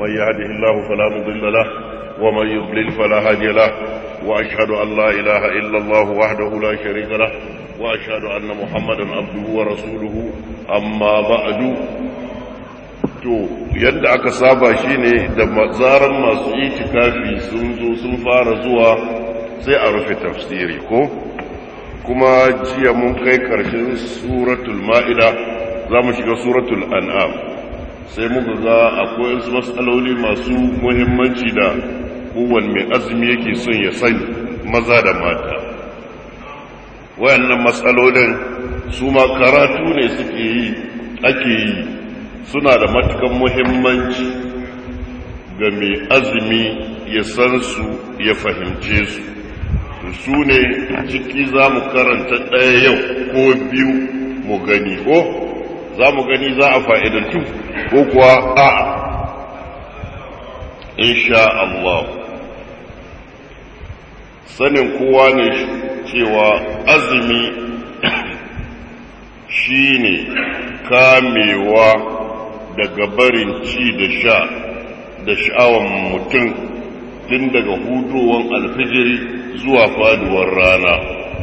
من يهده الله فلا مضل له ومن يضلل فلا هادي له وأشهد أن لا إله إلا الله وحده لا شريك له وأشهد أن محمدا عبده ورسوله أما بعد to yadda aka saba shi ne da zaran masu itikafi sun zo sun fara zuwa sai a rufe tafsiri ko kuma jiya mun kai karshen suratul ma'ida za mu shiga suratul an'am sai muka ga akwai wasu matsaloli masu muhimmanci da kowane mai azumi yake son ya sani maza da mata wayannan matsalolin su ma karatu ne suke yi ake yi suna da matukan muhimmanci ga mai azumi ya san su ya fahimce su su ne ciki za mu karanta ɗaya yau ko biyu mu gani ko za mu gani za a fa'idantu ko kuwa a'a insha Allah sanin kowa ne cewa azumi shi ne kamewa daga barin ci da sha da sha'awan mutum tun daga hudowar alfijiri zuwa faduwar rana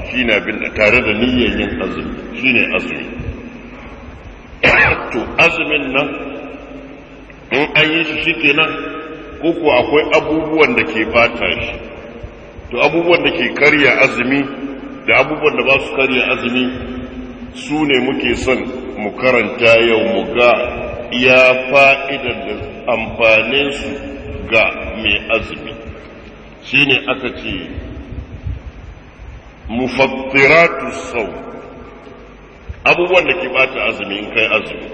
shi ne abin tare da niyyar yin azumi shi ne azumi to azumin nan in an yi shi shi ko koko akwai abubuwan da ke bata shi to abubuwan da ke karya azumi da abubuwan da ba su karya azumi su ne muke son mu karanta yau mu ga ya fa'idar da amfaninsu ga mai azumi shi ne aka ce mufattiratus sau abubuwan da ke bata azumi in kai azumi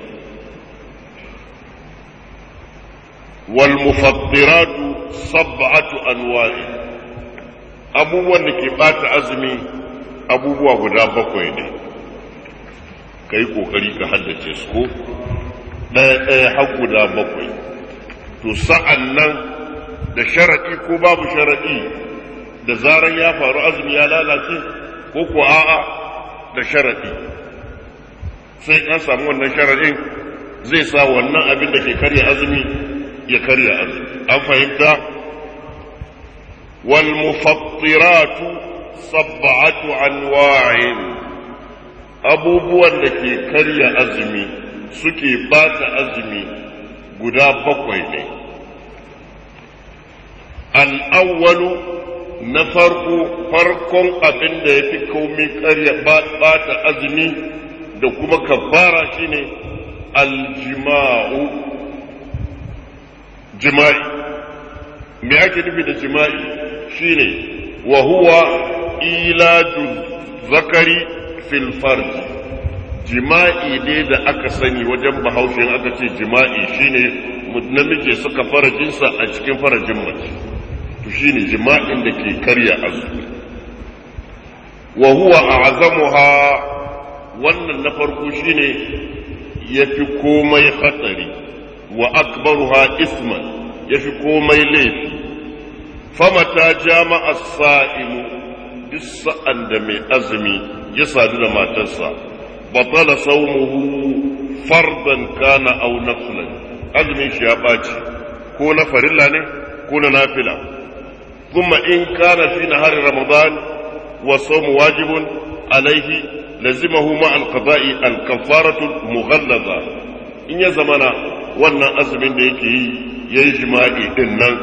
wal mufattiratu sab'atu anwa' abubuwan da ke bata azumi abubuwa guda bakwai ne kai kokari ka haddace su ko ɗaya ɗaya har guda bakwai to sa'an nan da sharaɗi ko babu sharaɗi da zaran ya faru azumi ya lalace ko ko a'a da sharaɗi sai an samu wannan sharaɗin zai sa wannan abin da ke karya azumi ya karya azumi an fahimta wal mufattiratu sab'atu anwa'in abubuwan da ke karya azumi suke ba ta azumi guda bakwai ne al-awwalu na farko farkon abin da ya fi komi karya ba ta azumi da kuma kafara shine aljima'u jima'i me ake nufi da jima'i shine wa huwa ilajun zakari fil jima'i ne da aka sani wajen bahaushe aka ce jima'i shine namiji suka farajinsa a cikin farajin mace to shine jima'in da ke karya azumi wa huwa a'zamuha wannan na farko shine yafi komai hatsari wa ha isman yafi komai laifi famata jama'a sa'imu duk sa'an da mai azumi ya sadu da matarsa batala saumuhu fardan kana aw nafilan azumin shi ya ɓaci ko na farilla ne ko na nafila kuma in kana fi nahari ramadan wa sawmu wajibun alaihi lazimahu ma alqada'i alkafaratu mughallaza in ya zama na wannan azumin da yake yi yayi jima'i din nan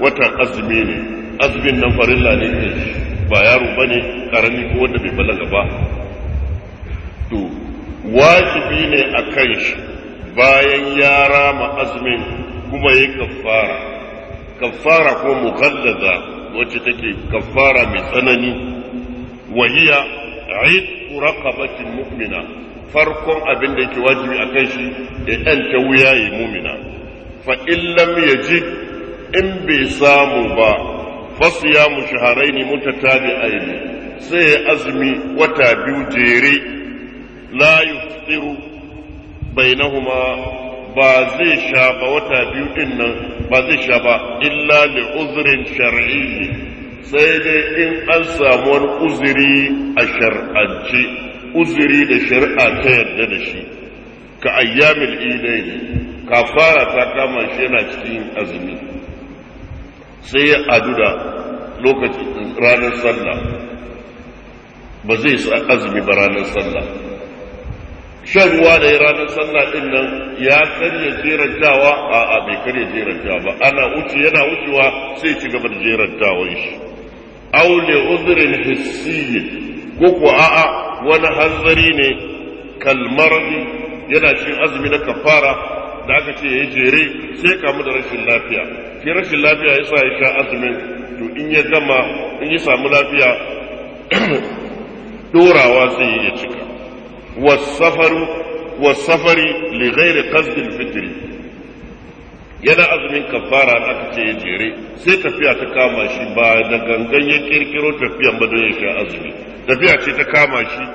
watan azumi ne azumin nan farilla ne ba yaro bane karami ko wanda bai balaga ba to wajibi ne a kan bayan yara rama azumin kuma yayi kafara kafara ko mughallaza wacce take kafara mai tsanani wahiya عتق رقبة مؤمنة فرق أبن ديك واجب أكيشي أنت وياي مؤمنة فإن لم يجد إن بيسام با فصيام شهرين متتابعين سي أزمي وتابيو جيري لا يفطر بينهما بازي zai sha ba بازي biyu إلا لعذر شرعي sai dai in an samu wani uzuri a shar'ance uzuri da shari'a ta yarda da shi ka ayyamin idai kafara ta kama shi yana cikin azumi sai ya adu da lokaci ranar sallah ba zai sa azumi ba ranar sallah shan ruwa da ya ranar sallah din nan ya karya jerantawa a a bai karya jerantawa ba ana wuce yana wucewa sai ci gaba da jerantawan shi aw li udhrin hissiy ko ko a'a wani hanzari ne kal maradi yana cin azumi na kafara da aka ce ya jere sai kamu da rashin lafiya shi rashin lafiya yasa ya sha azumin to in ya gama in ya samu lafiya dorawa sai ya cika wasafaru wasafari li ghairi qasdil fitri yana azumin kafara da aka ce ya jere sai tafiya ta kama shi ba da gangan ya kirkiro tafiyan ba don ya sha azumi tafiya ce ta kama shi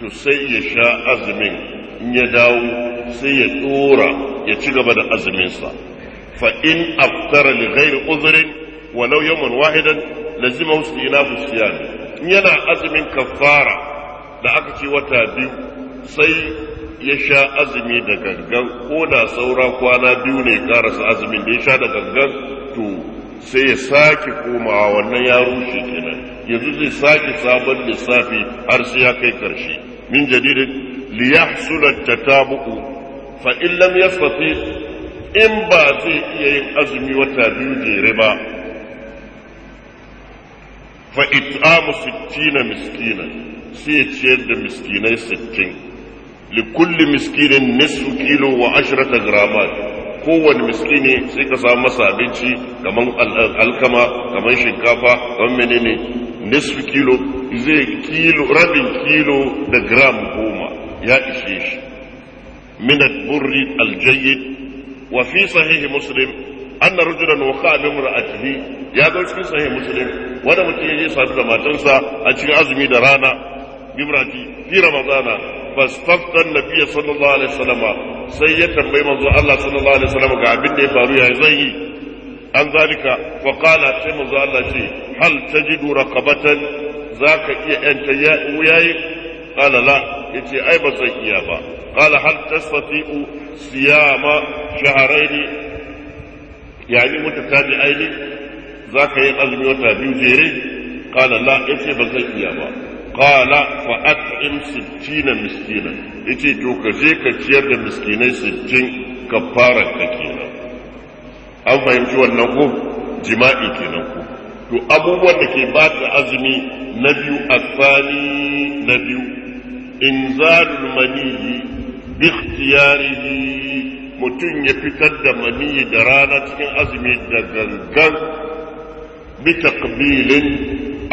to sai ya sha azumin in ya dawo sai ya tsora ya ci gaba da azuminsa fa in aftara li ghairi uzrin law yawman wahidan lazima ina siyan in yana azumin kafara da aka ce wata biyu sai ya sha azumi da gangan ko da saura kwana biyu ne karasa azumin da ya sha da gangan to sai ya sake komawa wannan ya rushe kenan yanzu zai sake sabon lissafi har sai ya kai karshe min jadidin liyahsula tatabu fa in lam yastati in ba zai iya yin azumi wata biyu jere ba fa it'amu 60 miskina sai ya ciyar da miskinai sittin. likulli miskinin nisfu kilo wa ashrata gramat kowane miskini sai ka samu masa abinci kamar alkama kamar shinkafa kamar menene nisfu kilo zai kilo rabin kilo da gram goma ya ishe shi min al-burri al-jayyid wa fi sahih muslim anna rajulan waqa'a bi ya ga cikin sahih muslim wanda mutum ya je sadu da matarsa a cikin azumi da rana imrati fi ramadana fastafta nabiyya sallallahu alaihi wasallam sai ya tambayi manzo Allah sallallahu alaihi wasallam ga abin da ya faru ya zai yi an zalika wa qala sai manzo Allah ce hal tajidu raqabatan zaka iya yanta yayi qala la yace ai ba zan iya ba qala hal tastati'u siyama shahrayn yani aini zaka yi azumi wata biyu jere qala la yace ba zan iya ba qala fa at'im sittina miskina yace to ka je ka ciyar da miskinai sittin kafara ka kenan an fahimci wannan ko jima'i kenan ko to abubuwan da ke ba ta azumi na biyu asani na biyu inzalul maniyi bi ikhtiyarihi mutum ya fitar da maniyi da rana cikin azumi da gangan bi taqbilin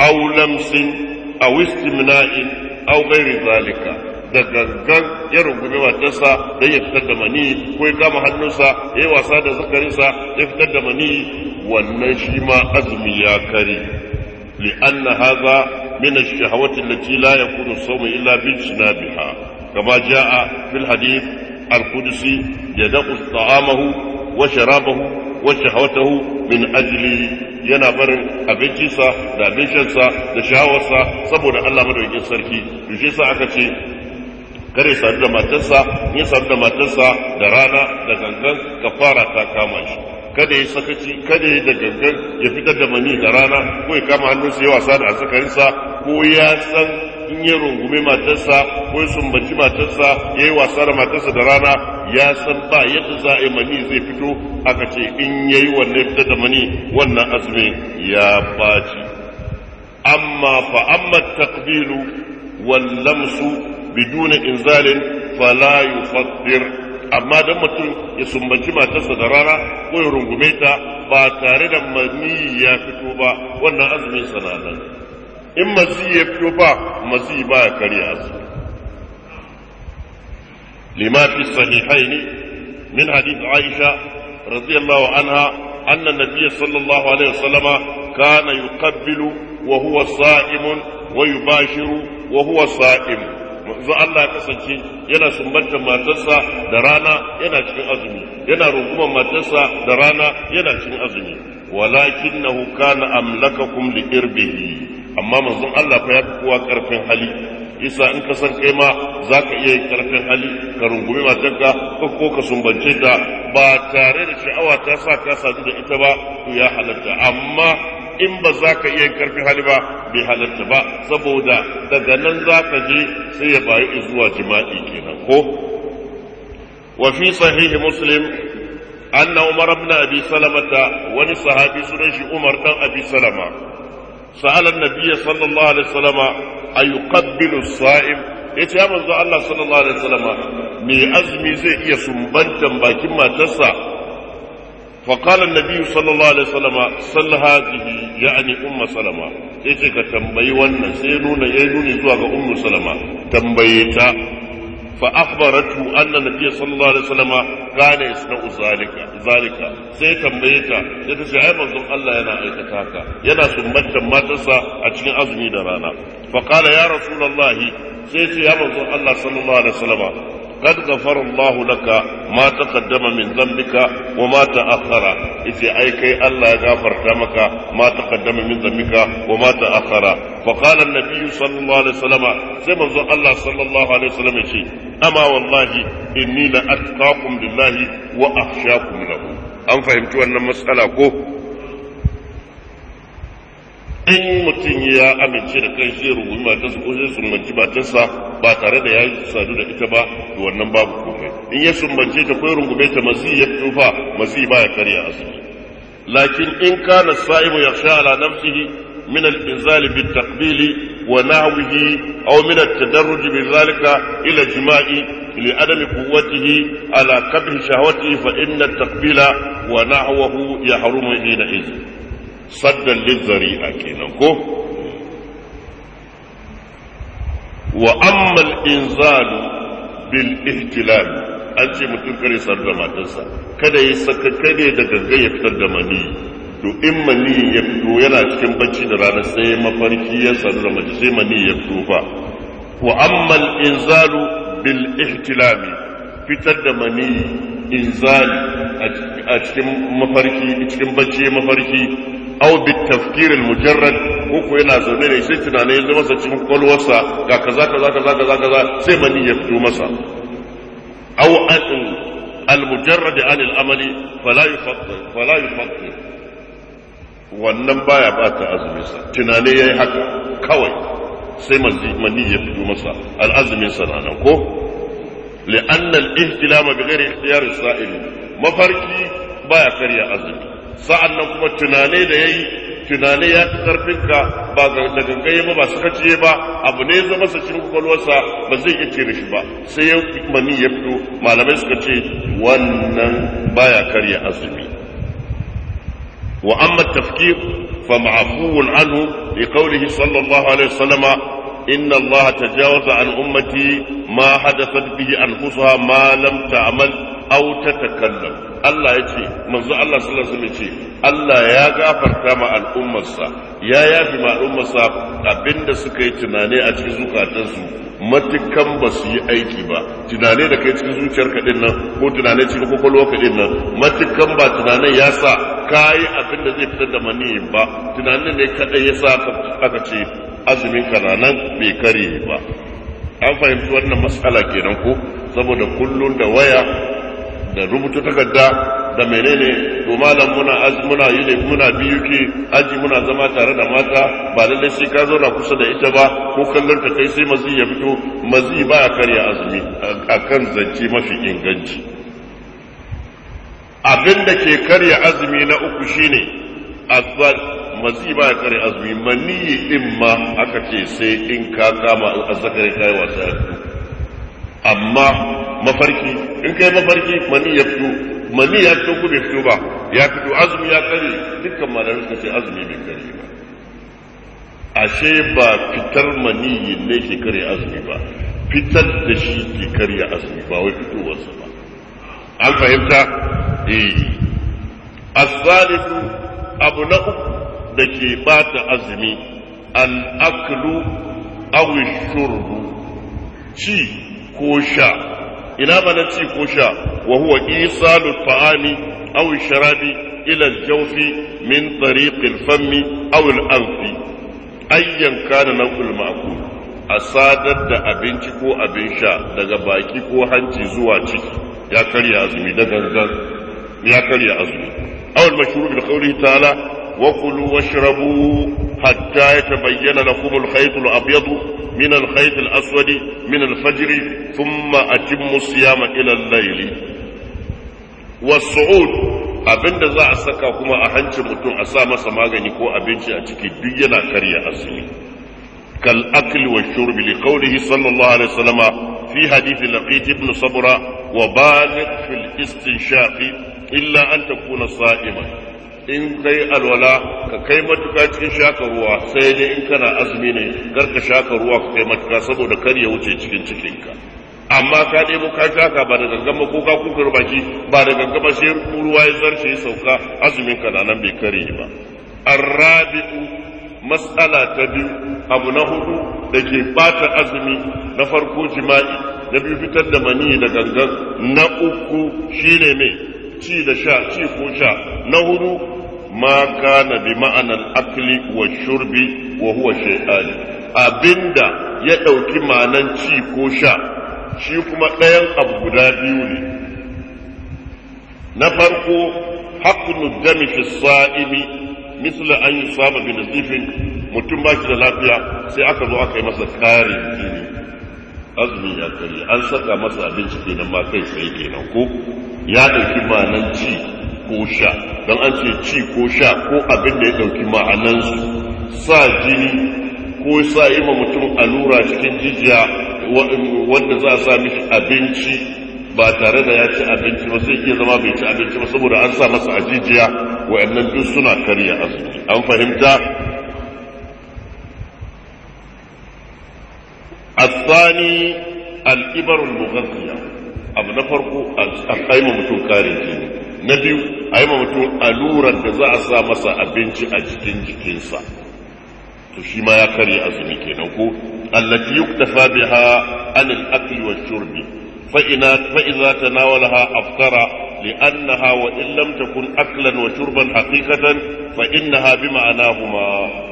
aw lamsin a wistimna'in au gairi zalika da gangan ya rungumi matarsa don ya fitar da mani ko ya kama hannunsa ya yi wasa da zakarinsa ya fitar da mani wannan shi ma azumi ya kare li'anna haza min ash-shahawati allati la yakunu as-sawmu illa bi jinabiha kama jaa fil hadith al-qudsi yadqu ta'amahu wa sharabahu wacce hawatahu min ajli yana barin abincinsa da abincinsa da shawarsa saboda Allah madaukakin sarki to shi yasa aka ce kare sadu da matarsa ya sadu da matarsa da rana da gangan kafara ta kama shi kada ya sakaci kada ya da gangan ya fitar da mani da rana ko ya kama hannunsa ya wasa da azzakarinsa ko ya san in ya rungume matarsa ko ya sumbaci matarsa ya yi wasa da matarsa da rana ya san ba yadda za a yi mani zai fito aka ce in ya yi wannan fita da mani wannan azumi ya baci amma fa amma takbilu wallamsu biduna inzalin fala yufattir amma don mutum ya sumbaci matarsa da rana ko ya rungume ta ba tare da mani ya fito ba wannan azumin sananan in mazi ya fito ba mazi ba ya karya su limafi sahihai ne, min hadith aisha radiyallahu anha anna nabiyya sallallahu alaihi wasallama kana yuqabbilu wa huwa sa'imun wa yubashiru wa huwa sa'im manzo Allah ya kasance yana sumbantar matarsa da rana yana cikin azumi yana rungumar matarsa da rana yana cikin azumi walakinahu kana amlakakum li irbihi amma manzon Allah fa ya fi kowa karfin hali isa in ka san kai ma za ka iya ƙarfin karfin hali ka rungumi matarka ko ko ka sumbance ta ba tare da sha'awa ta sa ka sadu da ita ba to ya halatta amma in ba za ka iya karfin hali ba bai halatta ba saboda daga nan za ka je sai ya bayi zuwa jima'i kenan ko wa fi sahihi muslim anna umar ibn abi salamata wani sahabi sunan shi umar dan abi salama sa'ala nabiyyi sallallahu yace ya manzo Allah sallallahu me azumi zai iya sumbantan bakin matarsa فقال النبي صلى الله عليه وسلم صل هذه يعني سلمة yace ka tambayi wannan sai nuna ya nuni zuwa ga ummu salama tambaye ta fa akhbaratu anna nabiy sallallahu alaihi wasallam kana yasna'u zalika zalika sai tambaye ta sai ta ce ai manzon Allah yana aikata ka yana sumbantar matarsa a cikin azumi da rana fa qala ya rasulullahi sai ce ya manzon Allah sallallahu alaihi wasallam qad ghafara Allahu laka ma taqaddama min Allah ya gafarta maka ma taqaddama min an sai manzo Allah sallallahu alaihi wallahi inni la atqakum an fahimci wannan matsala ko in mutum ya amince da kan shi rungumi matarsa ko shi sumbanci matarsa ba tare da ya sadu da ita ba to wannan babu komai in ya sumbance ta ko rungume ta masi ya tufa masi ba ya karya azumi lakin in kana sa'ibu sha ala nafsihi min al-inzal bi taqbil wa nahwihi aw min at-tadarruj bi dhalika ila jima'i لعدم قوته على كبه شهوته فإن التقبيل ونحوه ila حينئذ saddan a kenan ko wa amma al-inzalu bil ihtilal an ce mutum kare sar da matarsa kada ya saka kada da gangan ya fitar da mani to in mani ya fito yana cikin bacci da rana sai mafarki ya sar da mace sai mani ya fito fa wa amma al-inzalu bil ihtilal fitar da mani inzali a cikin mafarki cikin bacci mafarki aw bit tafkir al mujarrad ko ko yana zaune da shi tunani yanzu masa cikin kwalwarsa ga kaza kaza kaza kaza kaza sai mani ya fito masa aw an al mujarrad an al amali fala yufakkir fala yufakkir wannan baya bata sa. tunani yayi haka kawai sai mani ya fito masa al azumin nan ko لأن الاهتلام بغير اختيار السائل mafarki baya karya azumi sa'an nan kuma tunane da ya yi tunane ya fi ƙarfinka ba da gangaye ba ba su kaciye ba abu ne ya zama sa cikin kwakwalwarsa ba zai iya cire shi ba sai ya mani ya fito malamai suka ce wannan baya karya azumi wa amma tafkir fa ma'afuwun anhu li qawlihi sallallahu alaihi wasallama إن الله تجاوز عن أمتي ما حدثت به أنفسها ما لم تعمل aw takallam Allah ya ce manzo Allah sallallahu alaihi wasallam ce Allah ya gafarta ma al'ummarsa ya yafi ma al'ummarsa abinda suka yi tunane a cikin zukatansu matukan ba su yi aiki ba tunane da kai cikin zuciyar ka din nan ko tunane cikin kwakwalwar ka din nan matukan ba tunanin ya sa kayi abin da zai fitar da mani ba tunanin ne kadai ya sa aka ce azumin ka nan bai kare ba an fahimci wannan matsala kenan ko saboda kullun da waya da rubuta takarda da menene to malam muna az muna yi ne muna biyu ke aji muna zama tare da mata ba lallai sai ka zauna kusa da ita ba ko kallon ta kai sai mazi ya fito mazi ba a karya azumi akan zance mafi inganci abin da ke karya azumi na uku shine azal mazi ba a karya azumi maniyi din ma aka ce sai in ka kama azzakari kai wasa amma mafarki in kai mafarki mani ya fito mani ya fito ku bai fito ba ya fito azumi ya kare dukkan malamin suka ce azumi bai kare ba ashe ba fitar mani ne ke kare azumi ba fitar da shi ke kare azumi ba wai fitowarsa ba an fahimta eh asalisu abu na uku da ke bata azumi aw awi shurbu ci ko sha ina ba na ci ko sha wa huwa isalu ta'ami aw sharabi ila al-jawfi min tariq al fam aw al-anfi ayyan kana naw'ul ma'kul asadar da abinci ko abin sha daga baki ko hanci zuwa ciki ya karya azumi da gangan ya karya azumi aw al-mashrub bi qawlihi ta'ala wa kulu washrabu hatta yatabayyana lakum al-khayt al-abyad من الخيط الأسود من الفجر ثم أتم الصيام إلى الليل والصعود abin da za a saka kuma a hancin mutum a sa masa magani ko abinci a ciki duk yana karya asali kal akli wa shurbi li qawlihi sallallahu alaihi wasallam fi hadith laqit ibn sabra wa baligh fil istinshaq illa an takuna sa'iman in kai alwala ka kai matuka cikin shaka ruwa sai dai in kana azumi ne kar ka shaka ruwa ka kai matuka saboda kar ya wuce cikin cikinka amma ka ɗebo ka shaka ba da gangan ko ka kukar baki ba da gangan sai ruwa ya zarce ya sauka azumin ka na nan bai kare ba arrabi'u mas'ala ta biyu abu na hudu da ke bata azumi na farko jima'i na biyu fitar da mani da gangan na uku shine mai ci da sha ci ko sha na hudu ma kana bi ma'anar akli wa shurbi wa huwa shay'ani abinda ya ɗauki ma'anan ci ko sha shi kuma ɗayan abu guda biyu ne na farko haqqun dami fi sa'imi misla an yusaba bi nazifin mutum ba shi da lafiya sai aka zo aka yi masa karin jini azumi ya kare an saka masa abinci kenan ma kai sai kenan ko ya ɗauki ma'anan ci ko sha don an ce ci ko sha ko abin da ya ɗauki ma'anansu sa jini ko sa yi ma mutum allura cikin jijiya wanda za a sa abinci ba tare da ya ci abinci ba sai ke zama bai ci abinci ba saboda an sa masa a jijiya wa'annan duk suna karya azumi an fahimta abu na farko a نفرق mutum kare jini. na biyu ayi yi mutum alurar da za a sa masa abinci a jikin jikinsa to shi ma ya karya azumi kenan ko allati yuktafa biha an al-akli wa shurbi fa ina fa idza tanawalaha aftara li'annaha wa in aklan wa shurban haqiqatan fa innaha bima'anahuma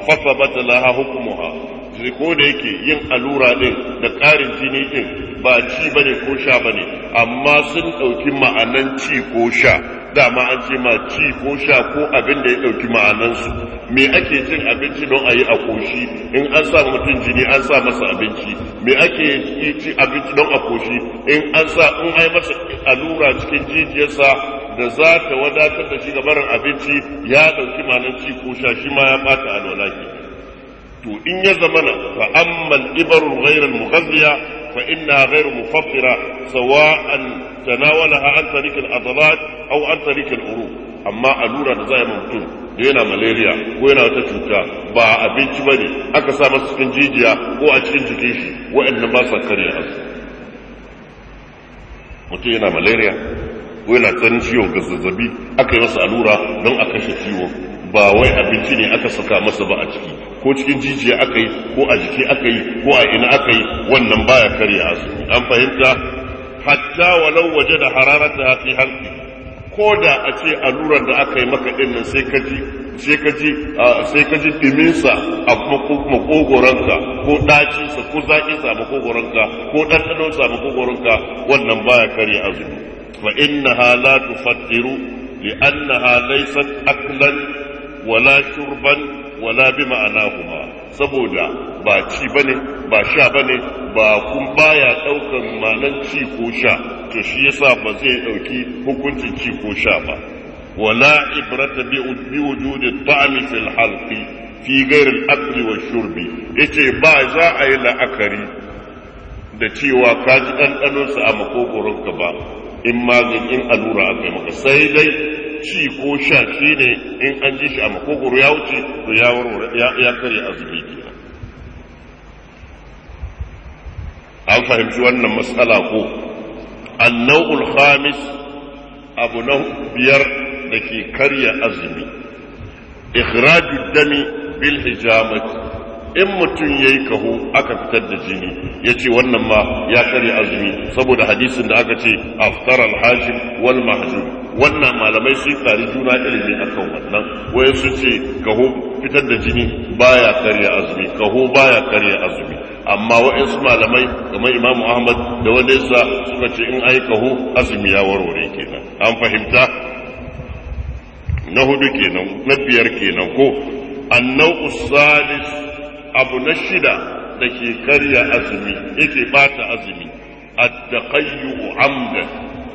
fa thabata laha hukmuha sai ko da yake yin allura ɗin da ƙarin jini din ba ci ba ne ko sha ba ne amma sun ɗauki ma'anan ci ko sha dama an ce ma ci ko sha ko abin da ya ɗauki ma'anansu me ake cin abinci don a yi a koshi in an sa mutum jini an sa masa abinci me ake ci abinci don a koshi in an sa in ai masa allura cikin jijiyarsa da za ta wadatar da shi ga barin abinci ya ɗauki ma'anan ci ko sha shi ma ya ɓata alwala to in ya zamana fa amman ibarul ghairal mughazziya فإنها غير مفطرة سواء تناولها عن طريق العضلات أو عن طريق العروق amma allura da za a mutum da yana malaria ko yana wata cuta ba abinci ba ne aka sa masu cikin jijiya ko a cikin jikin shi wa'annan ba sa karya asu mutum yana malaria ko yana tsanin ciwon ga zazzabi aka yi masa allura don a kashe ciwon ba wai abinci ne aka saka masa ba a ciki ko cikin jijiya aka yi ko a jiki aka yi ko a ina aka yi wannan baya karya su an fahimta hatta walau waje da hararata fi halki ko da a ce allurar da aka yi maka din nan sai ka ji sai ka sai ka ji diminsa a makogoranka ko ɗacinsa ko zaƙinsa a makogoranka ko ɗanɗanonsa a makogoranka wannan baya karya azumi fa ha la tufattiru annaha laysat aklan wala shurban wala bi ma'ana kuma saboda ba ci bane ba sha bane ba kun baya daukan malan ci ko sha to shi yasa ba zai dauki hukuncin ci ko sha ba wala ibrata bi wujudi ta'mi fil halqi fi ghairi al-akli wa shurbi yace ba za a yi la'akari da cewa ka ji ɗanɗanonsa a ka ba in ma in allura a kai maka sai dai ci ko sha shi ne in an ji shi a makogoro ya wuce to ya warware ya karya azumi kenan an fahimci wannan matsala ko nau'ul khamis abu na biyar da ke karya azumi ikhraju dami bil hijamati in mutum ya yi kahu aka fitar da jini ya ce wannan ma ya karya azumi saboda hadisin da aka ce aftar alhaji wal mahjum wannan malamai sun kari juna ilimi kan wannan wai su ce kahu fitar da jini baya karya azumi kaho baya karya azumi amma wa'insu malamai kamar imamu ahmad da wanda yasa suka ce in ai kahu azumi ya warware kenan an fahimta na hudu kenan na biyar kenan ko annau usalis abu na shida da ke karya azumi yake bata azumi at-taqayyu amda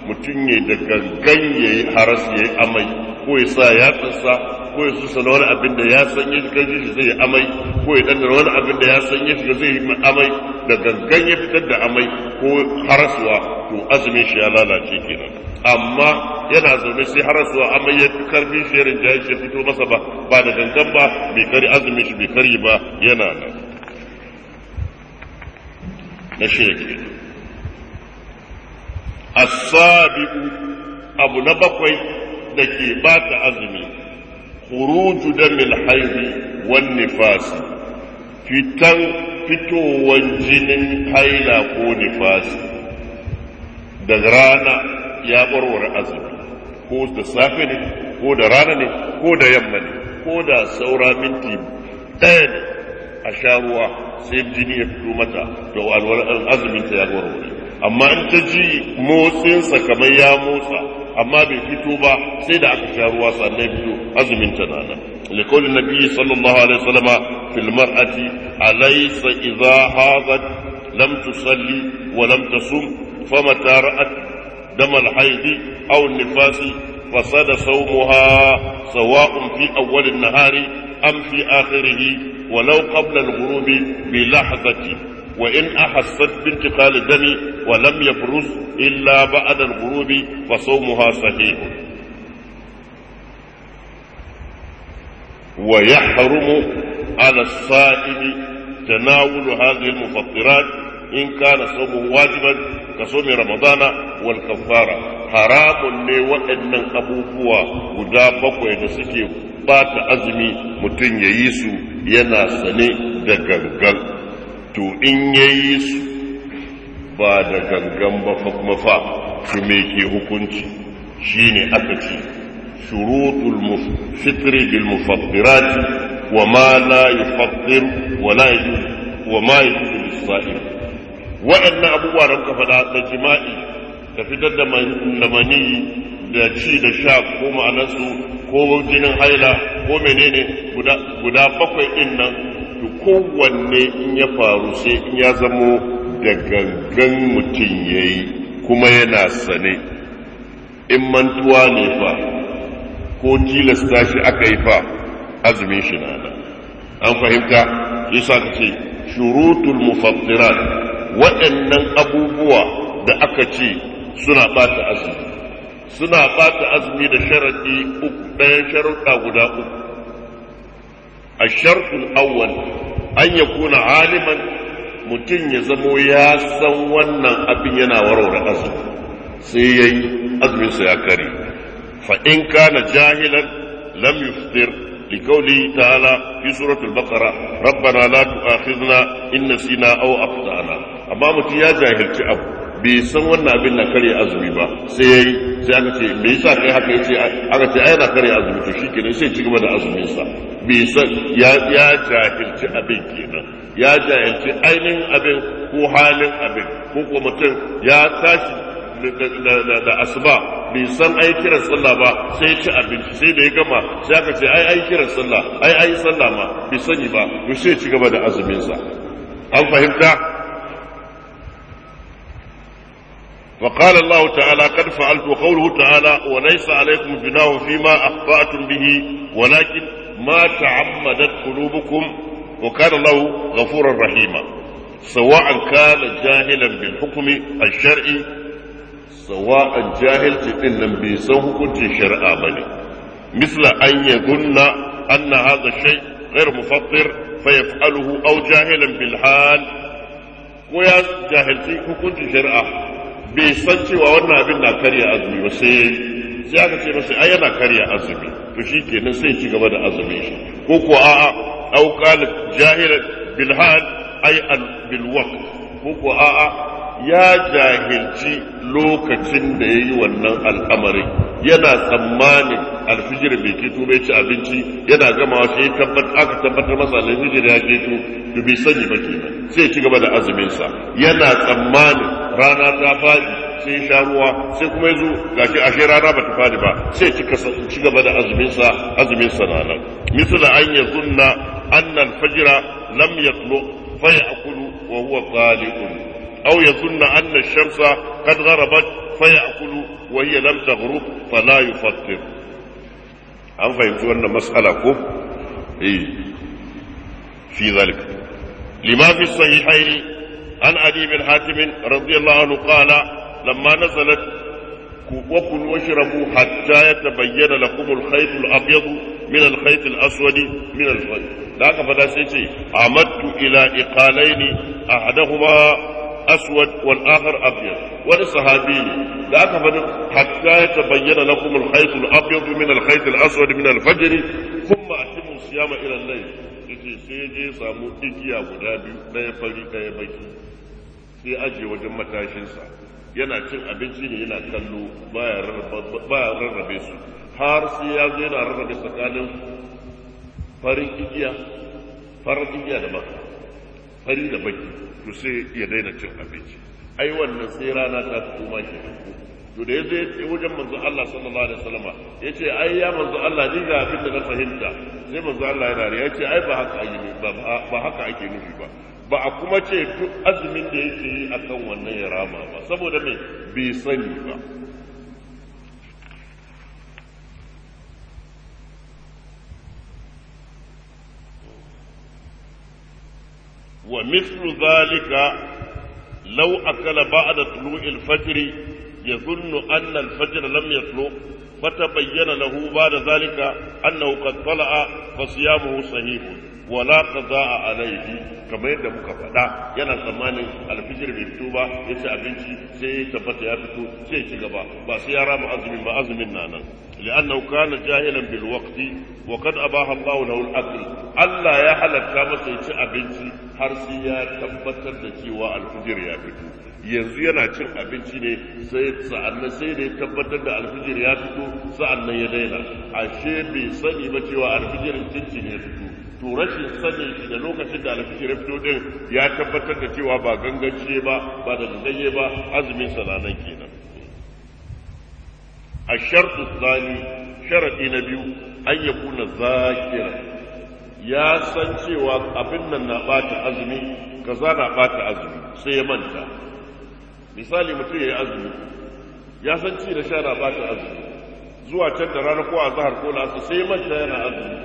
mutum ne da gangan yayi haras yayi amai ko ya sa ya tsasa ko ya susa na wani abin da ya san ya shiga shi zai amai ko ya dandana wani abin da ya san ya shiga zai amai da gangan ya fitar da amai ko harasuwa to azumin shi ya lalace kenan amma yana zaune sai harasuwa amai ya fi karfin shi yarin da ya fito masa ba ba da gangan ba bai kari azumin shi bai kari ba yana nan na shirya kenan asabi'u abu na bakwai da ke bata azumi khuruju damil haidi wan nifasi fitan fitowar jinin haila ko nifasi daga rana ya barware azumi ko da safe ne ko da rana ne ko da yamma ne ko da saura minti ɗaya ne a sha ruwa sai jini ya fito mata da alwar azumin ta ya warware amma in ta ji motsinsa kamar ya motsa amma bai fito ba sai da aka sha ruwa sannan fito azumin ta nana لقول النبي صلى الله عليه وسلم في المرأة أليس إذا حاضت لم تصلي ولم تصم فمتى رأت دم الحيض أو النفاس فصاد صومها سواء في أول النهار أم في آخره ولو قبل الغروب بلحظة وإن أحست بانتقال الدم ولم يبرز إلا بعد الغروب فصومها صحيح ويحرم على الصائم تناول هذه المفطرات إن كان صومه واجبا كصوم رمضان والكفارة حرام ne waɗannan abubuwa guda bakwai da suke bata azumi mutum ya yi su yana sane da gangan to in yayi su ba da gangan ba fa kuma fa shi me ke hukunci shine aka ce shurutul fitri bil mufaddirat wa ma la yufaddir wa la yajuz wa ma yajuz lis wa anna abubuwa da ka faɗa da jima'i ka fitar da maniyi da ci da sha ko ma'anarsu ko jinin haila ko menene guda bakwai ɗin nan to kowanne in ya faru sai in ya zamo da gangan mutum ya yi kuma yana sane in mantuwa ne fa ko tilasta shi aka yi fa azumin shi na nan an fahimta shi sa ka ce shurutul mufattirat waɗannan abubuwa da aka ce suna ɓata azumi suna ɓata azumi da sharaɗi ɗaya ɗayan sharuɗa guda uku a الشرط الأول أن يكون haliman mutum ya zamo ya san wannan abin yana warau da azumi sai ya yi azuminsa ya kare fa in na jahilan lam yuftir li kauli ta'ala fi suratul baqara rabbana la tu'akhidna in nasina aw akhtana amma mutum ya jahilci abu bai san wannan abin na karya azumi ba sai yayi sai aka ce bai sa kai haka yace aka ce ai na karya azumi to shikenan sai ci gaba da azumin sa bai san ya ya jahilci abin kenan ya jahilci ainihin abin ko halin abin ko kuma mutum ya tashi da asuba bai san ai kiran sallah ba sai ci abinci sai da ya gama sai aka ce ai ai kiran sallah ai ai sallah ma bai sani ba to sai ci gaba da azumin sa an fahimta فقال الله تعالى قد فعلت وقوله تعالى وليس عليكم جناه فيما أخطأتم به ولكن ما تعمدت قلوبكم وكان الله غفورا رحيما سواء كان جاهلا بالحكم الشرعي سواء جاهل لم بيسوه كنت شرعا بني مثل أن يظن أن هذا الشيء غير مفطر فيفعله أو جاهلا بالحال ويا جاهل كنت شرعا bai san cewa wannan abin na karya azumi ba sai sai aka ce masa ai yana karya azumi to shi kenan sai ci gaba da azumi shi ko ko a'a au qala jahil bil hal ay al bil waqt ko ko a'a ya jahilci lokacin da yayi wannan al'amari yana tsammanin alfijir bai to bai ci abinci yana gamawa sai tabbatar aka tabbatar masa alfijir ya keto to bai sani ba kenan sai ci gaba da azumin sa yana tsammanin rana ta fadi sai sha ruwa sai kuma yazo gashi ashe rana ba ta fadi ba sai cika ci gaba da azumin sa azumin sa rana misala an ya anna al-fajra lam yatlu fa ya'kulu wa huwa qali'un aw yazunna anna ash-shamsa kad gharabat fa ya'kulu wa hiya lam taghrub la yufattir an fahimci wannan mas'ala ko eh fi zalika lima fi sahihaini عن علي بن حاتم رضي الله عنه قال لما نزلت وكلوا واشربوا حتى يتبين لكم الخيط الابيض من الخيط الاسود من الغيب لا فدا سيتي عمدت الى اقالين احدهما اسود والاخر ابيض ولصحابي لا فدا حتى يتبين لكم الخيط الابيض من الخيط الاسود من الفجر ثم اتموا الصيام الى الليل yace sai je samu igiya guda biyu ɗaya fari ɗaya baki sai aje wajen matashinsa yana cin abinci ne yana kallo baya rarrabe su har sai ya zo yana rarrabe tsakanin farin igiya farin igiya da baka fari da baki to sai ya daina cin abinci ai wannan sai rana ta fito ma ke to da yaje wajen manzo Allah sallallahu alaihi wasallama yace ai ya manzo Allah din ga abin da na fahimta sai manzo Allah ya riya yace ai ba haka ake ba haka ake nufi ba ba a kuma ce duk azumin da yake yi akan wannan ya rama ba saboda me bi sani ba wa mislu zalika law akala ba'da tulu'il fajr yadhunnu anna al-fajr lam yatlu fatabayyana lahu ba'da zalika annahu qad tala'a fa siyamuhu sahihun wala a alaihi kamar yadda muka faɗa yana tsammanin alfijir bai fito ba ya ci abinci sai ya tabbata ya fito sai ci gaba ba sai ya rama azumin ba azumin na nan li'annahu kana jahilan bil waqti wa qad abaha Allahu lahu al-akl Allah ya halatta masa ya ci abinci har sai ya tabbatar da cewa alfijir ya fito yanzu yana cin abinci ne sai sa'annan sai da ya tabbatar da alfijir ya fito sa'annan ya daina ashe bai sani ba cewa alfijir cincin ya fito to rashin sanin shi da lokacin da alfijir fito din ya tabbatar da cewa ba ganganci ba ba da gaggaye ba azumin salanan kenan a shartu tsani sharaɗi na biyu an ya kuna zakira ya san cewa abin nan na ɓata azumi kaza na ɓata azumi sai ya manta misali mutum ya yi azumi ya san ci da sha na ɓata azumi zuwa can da rana ko a zahar ko la'asar sai manta yana azumi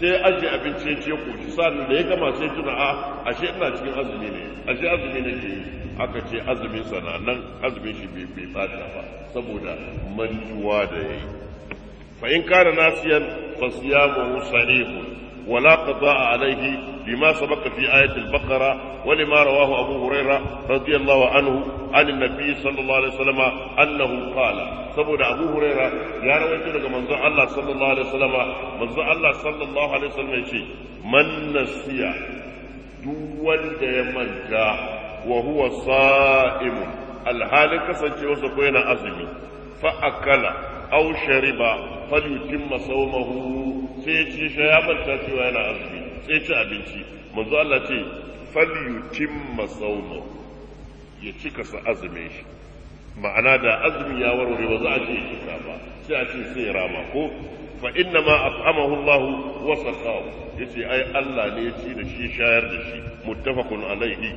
sai aje abinci ya ce koshi sa'adun da ya gama sai tuna a ashe ina cikin azumi ne ashe azumi ne ke aka ce azumin sana nan azumin shi bai bata ba saboda mantuwa da yayi fa in kana nasiyan fasiyamu sarihun ولا قضاء عليه لما سبق في آية البقرة ولما رواه أبو هريرة رضي الله عنه عن النبي صلى الله عليه وسلم أنه قال سبب أبو هريرة يا رويت لك منزع الله صلى الله عليه وسلم منزع الله صلى الله عليه وسلم يشي من نسي دول يمنجا وهو صائم الحال كسنتي وسكوين أزمي فأكل أو شرب فليتم صومه sai ya ce shi ya manta cewa yana azumi sai ci abinci manzo Allah ce falyutimma sawma ya cika sa azumin shi ma'ana da azumi ya warware ba za a ce shi cika ba sai a ce sai rama ko fa inna ma at'amahu Allah wa saqahu yace ai Allah ne ya ci da shi shayar da shi muttafaqun alaihi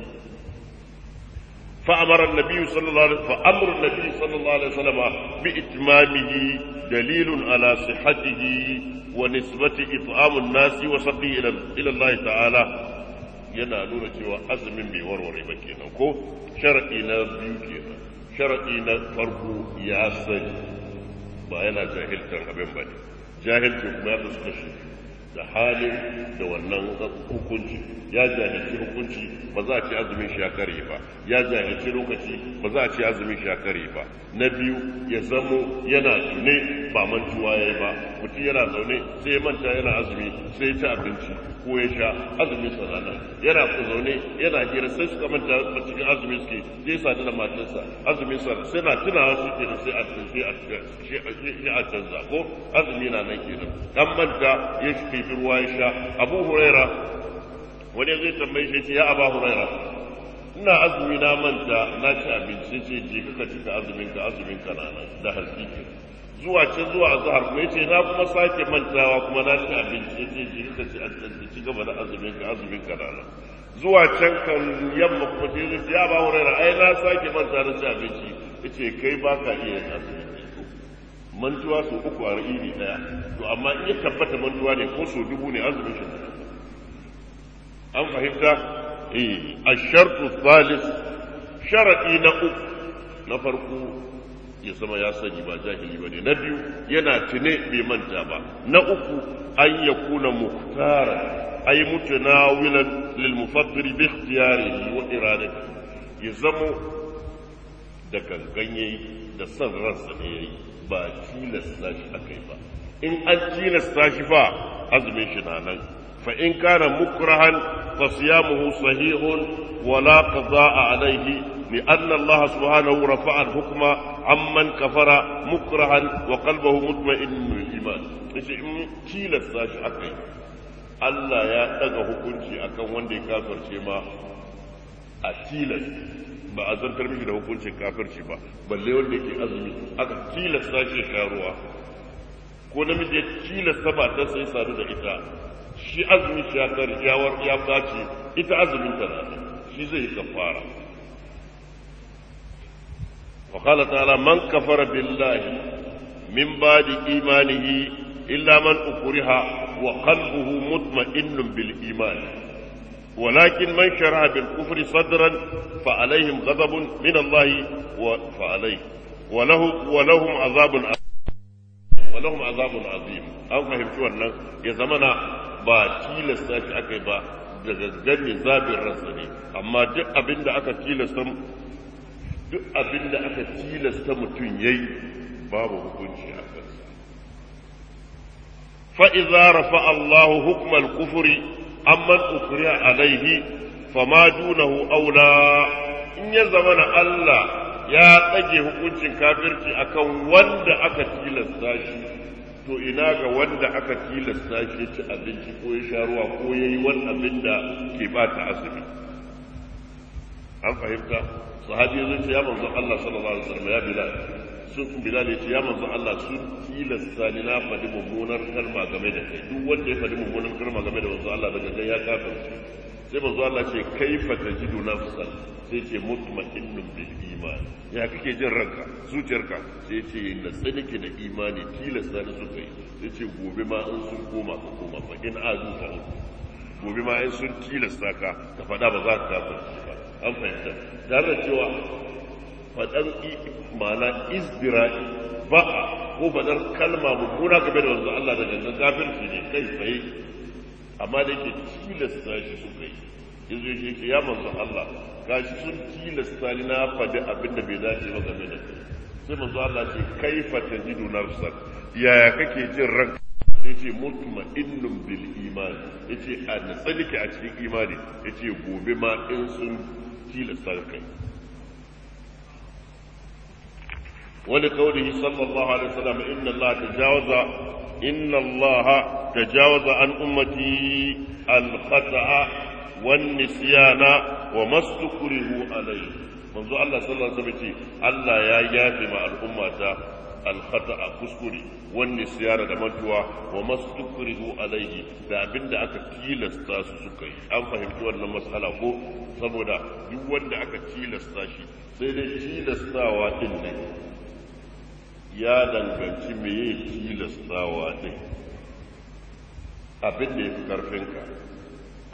فأمر النبي صلى الله عليه فأمر النبي صلى الله عليه وسلم بإتمامه دليل على صحته ونسبة إطعام الناس وسقي إلى الله تعالى yana nuna cewa azumin bai warware ba kenan ko sharadi na biyu kenan sharadi na farko ya sani ba yana abin da halin da wannan hukunci ya jahilci hukunci ba za a ci azumin shi ya kare ba ya jahilci lokaci ba za a ci azumin shi ya kare ba na biyu ya zamo yana tune ba mantuwa ya yi ba mutum yana zaune sai manta yana azumi sai ci abinci ko ya sha azumi sa ranar yana ku zaune yana hira sai suka manta a cikin azumi suke zai sadu da matarsa azumi sa sai na tuna su ke sai a sai a canza ko azumi na nan kenan dan manta ya shi ruwa ya sha abu huraira wani zai tambaye shi ya aba huraira ina azumi na manta na ci abinci sai ce je ka cika azumin ka azumin ka na da halki kenan zuwa can zuwa azhar ko yace na kuma sake mantawa kuma na ci abinci yace ji ka ci abinci ci gaba da azumin ka azumin ka rana zuwa can kan yamma kuma ce yace ya ba hurairah ai na sake manta na ci abinci yace kai ba ka iya azumin mantuwa sau uku a ra'iri daya to amma in ya tabbata mantuwa ne ko sau dubu ne azumin shi an fahimta eh. a shartu thalith sharadi na uku na farko ya zama ya sani ba jahili ba ne na biyu yana tune bai manta ba na uku an ya kuna muktara ay mutanawilan lil mufakkir bi ikhtiyarihi wa iradati ya zama da gangan da san ransa ne yayi ba tilasta shi akai ba in an tilasta shi fa azumin shi na nan fa in kana mukrahan fa siyamuhu sahihun wala qada'a alayhi لأن الله سبحانه رفع الحكم عمن كفر مكرها وقلبه مطمئن بالإيمان كيل الساش أكي الله يا أغا حكمتي أكن وندي كافر شيما أتيلس ba a zartar mishi da hukuncin kafirci ba balle wanda ke azumi aka tilasta shi sha ruwa ko namiji ya tilasta ba ta sai sadu da ita shi azumi shi ya kar ita shi zai kafara وقال تعالى من كفر بالله من بعد إيمانه إلا من أكره وقلبه مطمئن بالإيمان ولكن من شرع بالكفر صدرا فعليهم غضب من الله فعليه وله ولهم عذاب ولهم عذاب عظيم أو فهمت wannan ya zamana ba tilasta shi akai ba da gaggan ne zabin ransa ne amma duk abin da aka tilasta duk abin da aka tilasta mutum ya yi babu hukunci a kansa fa'iza rafa Allahu hukumar kufuri amman ukuriya alaihi fama dunahu aula in ya zama na Allah ya tsage hukuncin kafirci akan wanda aka tilasta shi to ina ga wanda aka tilasta shi ci abinci ko ya sha ruwa ko ya yi wani abin da ke bata asibi an fahimta sahabi ya zai ya manzo Allah sallallahu alaihi wasallam ya bilal sun bilal ya ce ya manzo Allah sun tilasta ni na faɗi mummunar kalma game da kai duk wanda ya faɗi mummunar kalma game da manzo Allah daga gan ya kafir sai manzo Allah ce kaifa tajidu nafsan sai ce mutma'innun bil iman ya kake jin ranka zuciyarka sai ce na tsinike da imani tilasta ni suka yi sai ce gobe ma in sun koma ka koma fa in azu fa gobe ma in sun tilasta ka ka faɗa ba za ka kafir ba an fahimta tare da cewa fadar ma'ana izbira'i ba'a ko fadar kalma mummuna game da wanzu Allah da gangan kafirci ne kai tsaye amma da yake tilasta shi su kai yanzu yake ya manzo Allah gashi sun tilasta ni na faɗi abin bai dace ba game da kai sai manzo Allah ce kaifa tajidu nafsak yaya kake jin ranka yace mutma'innun bil ya yace a natsalike a cikin imani yace gobe ma in sun tilasta da kai wani kaurihi sallallahu alaihi wasallam inna Allah tajawaza inna Allah tajawaza an ummati al-khata'a wan nisyana wa mastukrihu alayhi manzo Allah sallallahu alaihi ce Allah ya yafe ma al'ummata alkhata kuskure wanne siyara da mantuwa wa masu tukuri ko alaihi da abinda aka tilasta su suka yi an fahimci wannan mas'ala ko saboda duk wanda aka tilasta shi sai dai tilastawa din ne ya danganci ya tilastawa din abin da ya fi karfinka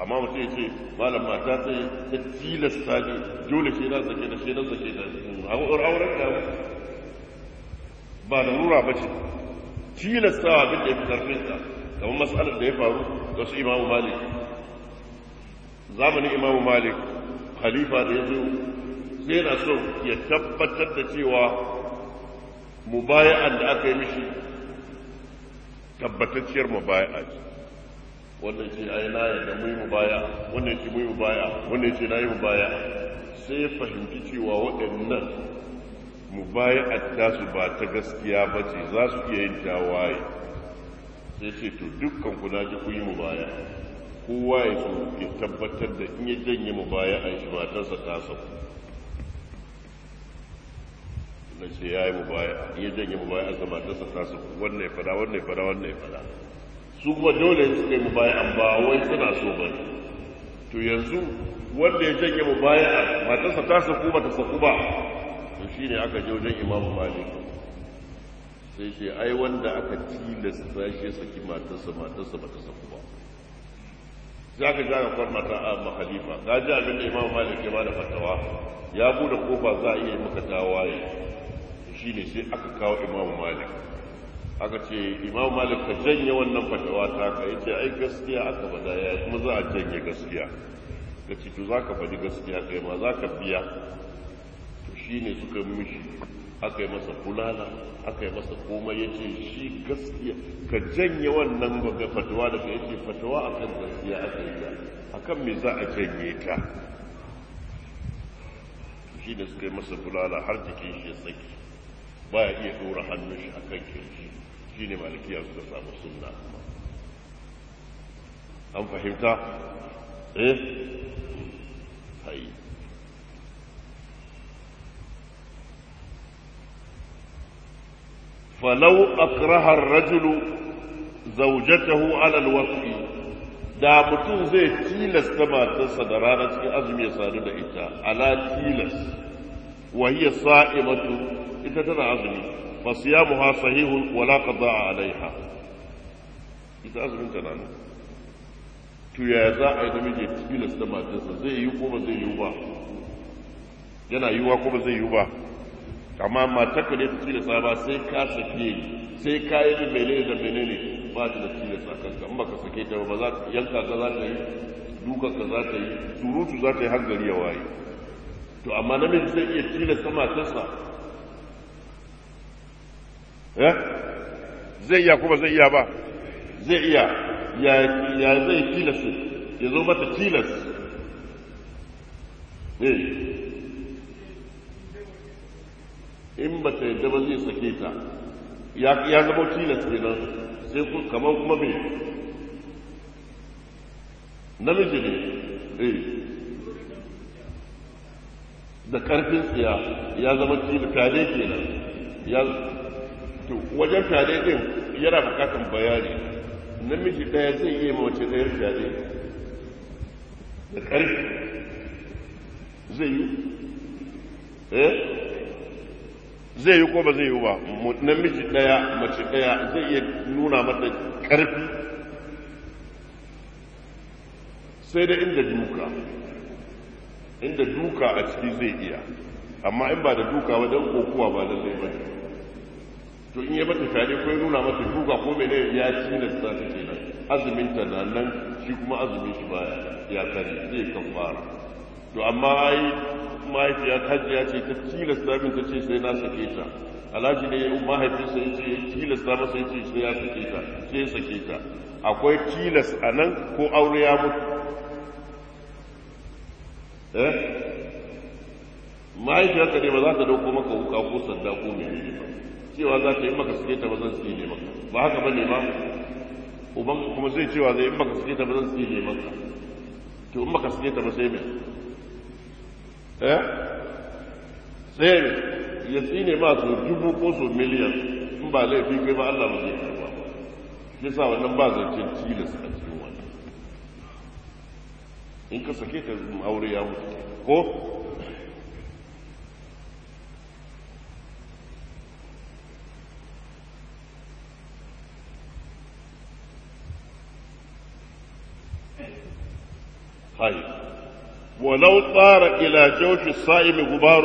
amma mutum ya ce malam mata ta ta tilasta ne dole shi na zake da shi na zake da ba da rura ba ce tilastawa abin da ya fi ta kamar matsalar da ya faru da su imamu malik zamanin imamu malik khalifa da ya zo sai yana so ya tabbatar da cewa mubaya'an da aka yi mishi tabbatacciyar mubaya'a ce wannan ce ai na yadda mu yi mubaya wannan ce mu yi mubaya wannan ce na yi mubaya sai fahimci cewa waɗannan mubaya'at su ba ta gaskiya ba ce za su iya yin tawaye sai ce to dukkan ku na ji ku yi mubaya kowa ya su ya tabbatar da in ya janye a shi matarsa ta sauku na ce ya yi mubaya in ya janye mubaya'an a zama ta sauku wannan ya fada wannan ya fada wannan ya fada su kuma dole su kai an ba wai suna so ba ne to yanzu wanda ya janye a matarsa ta sauku ba ta sauku ba shi ne aka je wajen imamu malik sai ce ai wanda aka tilasta shi ya saki matarsa matarsa ba ta saku ba sai aka ja ga kwarmata a mahalifa ga ji abin da imamu malik ya bada fatawa ya bude kofa za a iya yi maka tawaye shi ne sai aka kawo imamu malik aka ce imamu malik ka janye wannan fatawa ta ka ce ai gaskiya aka bada ya kuma za a janye gaskiya ka ce to za ka faɗi gaskiya kai ma za ka biya shi ne suka mishi aka yi masa bulala aka yi masa komai ya ce shi gaskiya ka janye wannan baga fatawa da ka yake fatawa a kan gaskiya aka yi ta a kan me za a janye ta shi ne suka yi masa bulala har jikin shi ya tsaki ba ya iya dora hannun shi a kan kirji shi ne malikiya suka samu sunna an fahimta eh hayi falau akraha rajulu zaujatahu ala alwasi da mutum zai tilasta matarsa da rana cikin azumi ya sadu da ita ala tilas wa hiya sa'imatu ita tana azumi fa siyamuha sahihun wala qada'a alaiha ita azumin tana ne. to ya za a yi namiji ya tilasta matarsa zai yi ko ba zai yi ba yana yiwa ko ba zai yi ba amma ka ne ta tilasta ba sai ka sake sai ka yi menene da ne ba ta da tilasta kanka in baka sake ta ba za ka yanka ka za ta yi duka ka za ta yi surutu za ta yi har gari ya waye to amma namiji zai iya tilasta matarsa eh zai iya kuma zai iya ba zai iya ya zai tilasta ya zo mata tilas eh in ba ta yadda ba zai sake ta ya zama tilas kenan sai kamar kuma me namiji ne eh da karfin tsiya ya zama tilas tare kenan ya to wajen tare din yana bukatan bayani namiji daya zai iya mace daya tare da karfi zai yi eh zai yi ko ba zai yi ba namiji daya mace daya zai iya nuna mata karfi sai da inda duka inda duka a ciki zai iya amma in ba da duka ba wajen kokuwa ba zai ba to in ya mata fyaɗe ko ya nuna mata duka ko mai ne ya ci da ta ke nan azumin ta na nan shi kuma azumin shi ba ya kare zai kan fara to amma ai mahaifiyar hajji ya ce ta tilasta min ta ce sai na sake ta alhaji ne mahaifinsa ya ce tilasta masa ya ce sai ya sake ta sai ya sake ta akwai tilas a nan ko aure ya mutu eh mahaifiyarka ne ba za ta dauko maka wuka ko sanda ko mai ne ba cewa za ta yi maka suke ta ba zan tsine ne ba ba haka ba ne ba uban kuma sai cewa zai yi maka suke ta ba zan ne ba to in maka sake ta ba sai mai eh sai ya tsine ma su dubu ko su miliyan in ba laifi kai ba Allah ba zai karba ba shi sa wannan ba zancen tilas a cikin wani in ka sake ta aure ya mutu ko طيب ولو طار إلى جوش الصائم غبار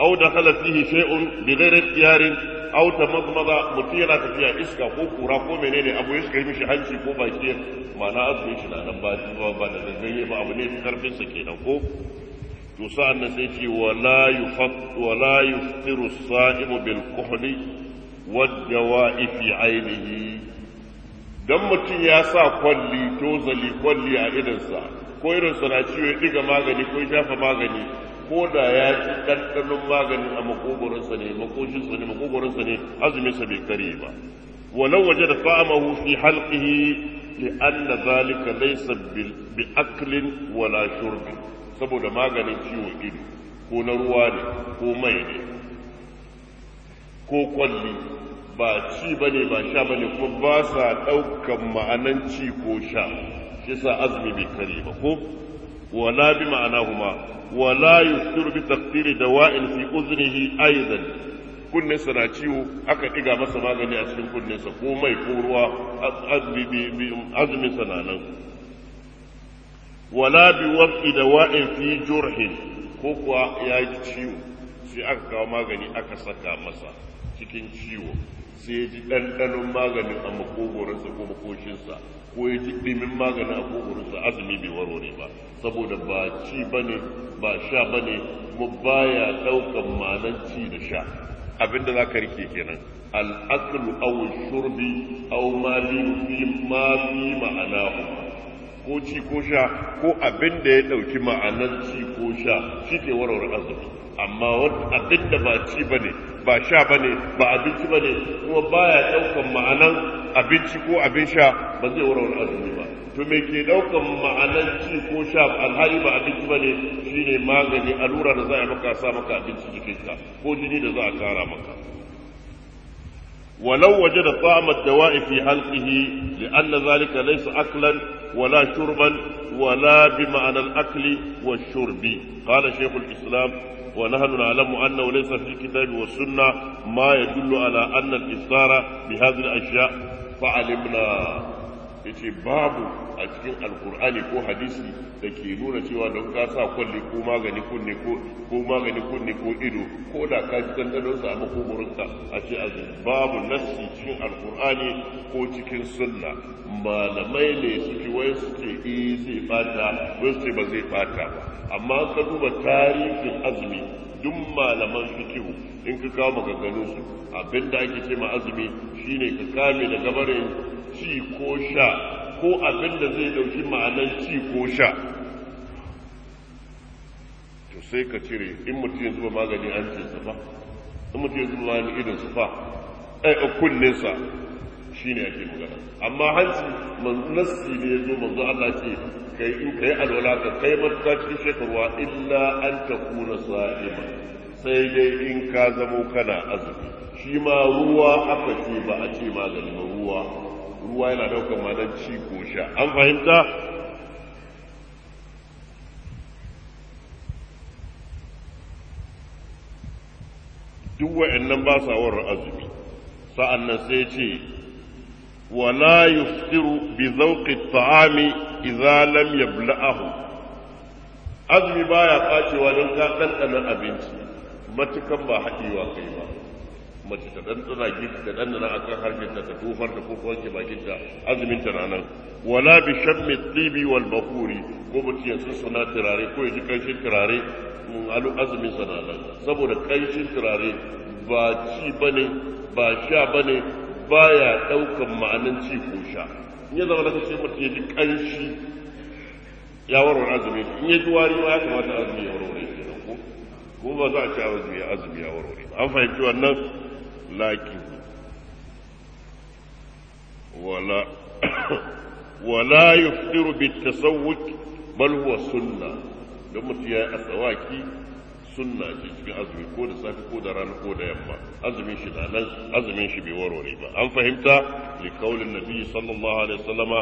أو دخل فيه شيء بغير اختيار أو تمضمض مطيرة فيها إسكا فوق وراكو منين أبو إسكا يمشي حنشي فوق بايشير ما أنا أصلي شنا أنا وابانا بعد ما أبني في كربين سكينة فوق يسأل النسيتي ولا يفط ولا يفطر الصائم بالكحل والدواء في عينه دمتي يا سا كولي توزلي كولي a idansa ko irin suna ciwo ya ɗiga magani ko shafa magani ko da ya ci ɗanɗanon magani a makogoronsa ne makoshinsa ne makogoronsa ne azuminsa bai kare ba walau waje da fa'amahu fi halqihi anna zalika laysa bi aklin wala shurbi saboda maganin ciwo ido ko na ruwa ne ko mai ne ko kwalli ba ci bane ba sha bane ko ba sa ɗaukan ma'anan ci ko sha yasa azumi bai kare ba ko wala bi kuma wala yusturu bi taqdiri dawa'in fi uznihi aidan kunne sa na ciwo aka diga masa magani a cikin kunnen sa ko mai ko ruwa bi sa nan wala bi wafi dawa'in fi jurhin ko kuwa ya ji ciwo sai aka kawo magani aka saka masa cikin ciwo sai ya ji ɗanɗanon maganin a makogoransa ko makoshinsa ko ya ji ɗimin maganin a su azumi bai warware ba saboda ba ci ba ne ba sha ba ne kuma ya ɗaukan manan ci da sha abinda za ka rike kenan al'aklu aw shurbi aw mali fi ma fi ma'anahu ko ci ko sha ko abin da ya ɗauki ma'anar ci ko sha shi ke warware azumi amma abin da ba ci ba ne ba sha ba ne ba abinci ba ne kuma baya ɗaukan ma'anan abinci ko abin sha ba zai wani azumi ba to me ke ɗaukan ma'anan ci ko sha alhali ba abinci ba ne shine magani allura da za a maka sa maka abinci jikinka ko jini da za a kara maka ولو وجد طعم الدواء في حلقه لأن ذلك ليس أكلا ولا شربا ولا بمعنى الأكل والشرب قال شيخ الإسلام ونحن نعلم أنه ليس في الكتاب والسنة ما يدل على أن الإصدار بهذه الأشياء فعلمنا yace babu a cikin alkur'ani ko hadisi da ke nuna cewa don ka sa kwalli ko magani kunne ko magani kunne ko ido ko da ka ji dandanon sa ko gurinka a ce babu nassi cikin alkur'ani ko cikin sunna malamai ne suke wai suke eh zai bata wai suke ba zai bata ba amma ka duba tarihin azumi duk malaman fikihu in ka kawo gano su abinda ake ce azumi shi ne ka kame da gabarin ci ko sha ko abinda zai dauki ma'anar ci ko sha to sai ka cire in mutum ya zuba magani an ce sa ba in mutum ya zuba magani idan su fa eh, ai kullun sa shi ne ake magana amma hanci nassi ne ya zo manzo Allah ce kai kai alwala ka kai matuƙa cikin shekarwa illa an takuna sa'ima sai dai in ka zamo kana azumi shi ma ruwa aka ce ba a ce magani ruwa ruwa yana ma nan ci ko sha an fahimta duk wa'annan ba sa warar azumi sa'an nan sai ce wala yuftiru bi zauqi ta'ami idza lam yabla'ahu azumi baya kacewa don ka ɗanɗana abinci matukan ba haɗewa kai ba mace ta ɗan tsana gidi ta ɗan a kan harshen ta tufar da kuma wanke bakin ta azumin ta ranar wala bi shammi tsibi wal bakuri ko mutum ya suna turare ko ya ji kanshin turare mun alu azumin sa nan saboda kanshin turare ba ci bane ba sha bane baya ɗaukan ma'anin ci ko sha in ya zama daga sai ya ji kanshi ya warware azumi in ya ji wari ma ya kamata azumi ya warware ko ba za a ci azumi azumi a warware ba an fahimci wannan lakin wala wala yuftiru bitasawwuk bal huwa sunna don mutum ya yi asawaki sunna ce cikin azumi ko da safe ko da rana ko da yamma azumin shi na nan azumin shi bai warware ba an fahimta li kaulin nabi sallallahu alaihi wasallama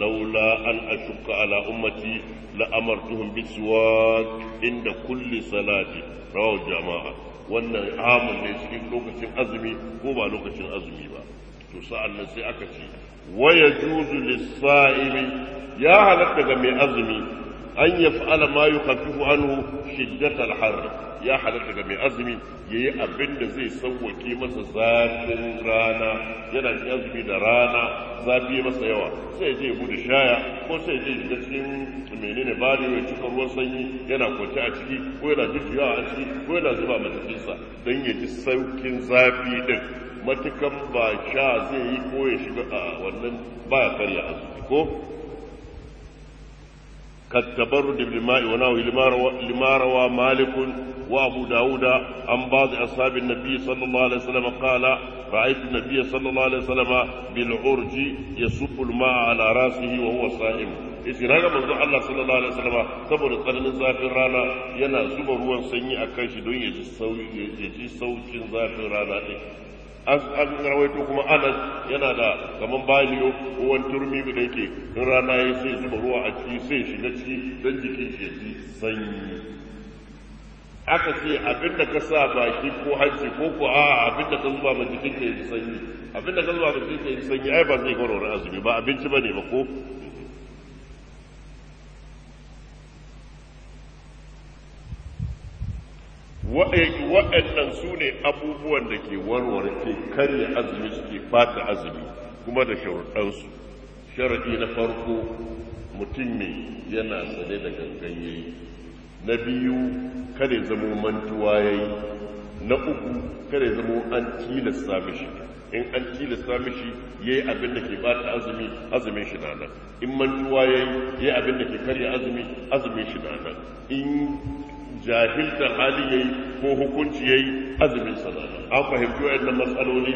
laula an ashqa ala ummati la amartuhum biswak inda kulli salati rawahu jama'a wannan amun ne cikin lokacin azumi ko ba lokacin azumi ba to sa'an nan sai aka ce waya juzu lis ya halatta ga mai azumi an fa’ala ma yi kafi hannu ya halatta ga mai azumi yi abin da zai sauwake masa zafin rana yana da azumi da rana zafi masa yawa sai je gudu shaya ko sai je shiga cikin menene da ya ruwan sanyi yana kwance a ciki ko yana jujjuyawa a ciki ko yana zuba mata jinsa dan ya ji saukin zafi din matukan ba sha zai yi ko ya shiga a wannan baya karya azumi ko كالتبرد بالماء ونحوه لما روى مالك وابو داود عن بعض اصحاب النبي صلى الله عليه وسلم قال رايت النبي صلى الله عليه وسلم بالعرج يصب الماء على راسه وهو صائم yace na ga manzo Allah sallallahu alaihi wasallam saboda tsananin zafin rana yana zuba ruwan sanyi a kan shi don ya ji saukin zafin rana din an rawaito kuma anas yana da kamar baliyo ko wani turmi da yake in rana ya sai zuba ruwa a ciki sai shiga ciki don jikin shi ji sanyi aka ce abin da ka sa baki ko hanci ko ko a abin da ka zuba ma jikin ka yi sanyi abin da ka zuba ma jikin ka yi sanyi ai ba zai wani azumi ba abinci ba ne ba ko waɗannan su ne abubuwan da ke warware ke karya azumi suke fata azumi kuma da sharuɗansu sharaɗi na farko mutum ne yana sane da gangan na biyu kada zamo mantuwa yi na uku kada zamo an tilasta mishi in an tilasta mishi yi abin da ke bata azumi azumin shi na nan in mantuwa ya yi abin da ke karya azumi azumin shi na nan in jahilta hali yayi ko hukunci yayi azumin sadaka an fahimci wayannan matsaloli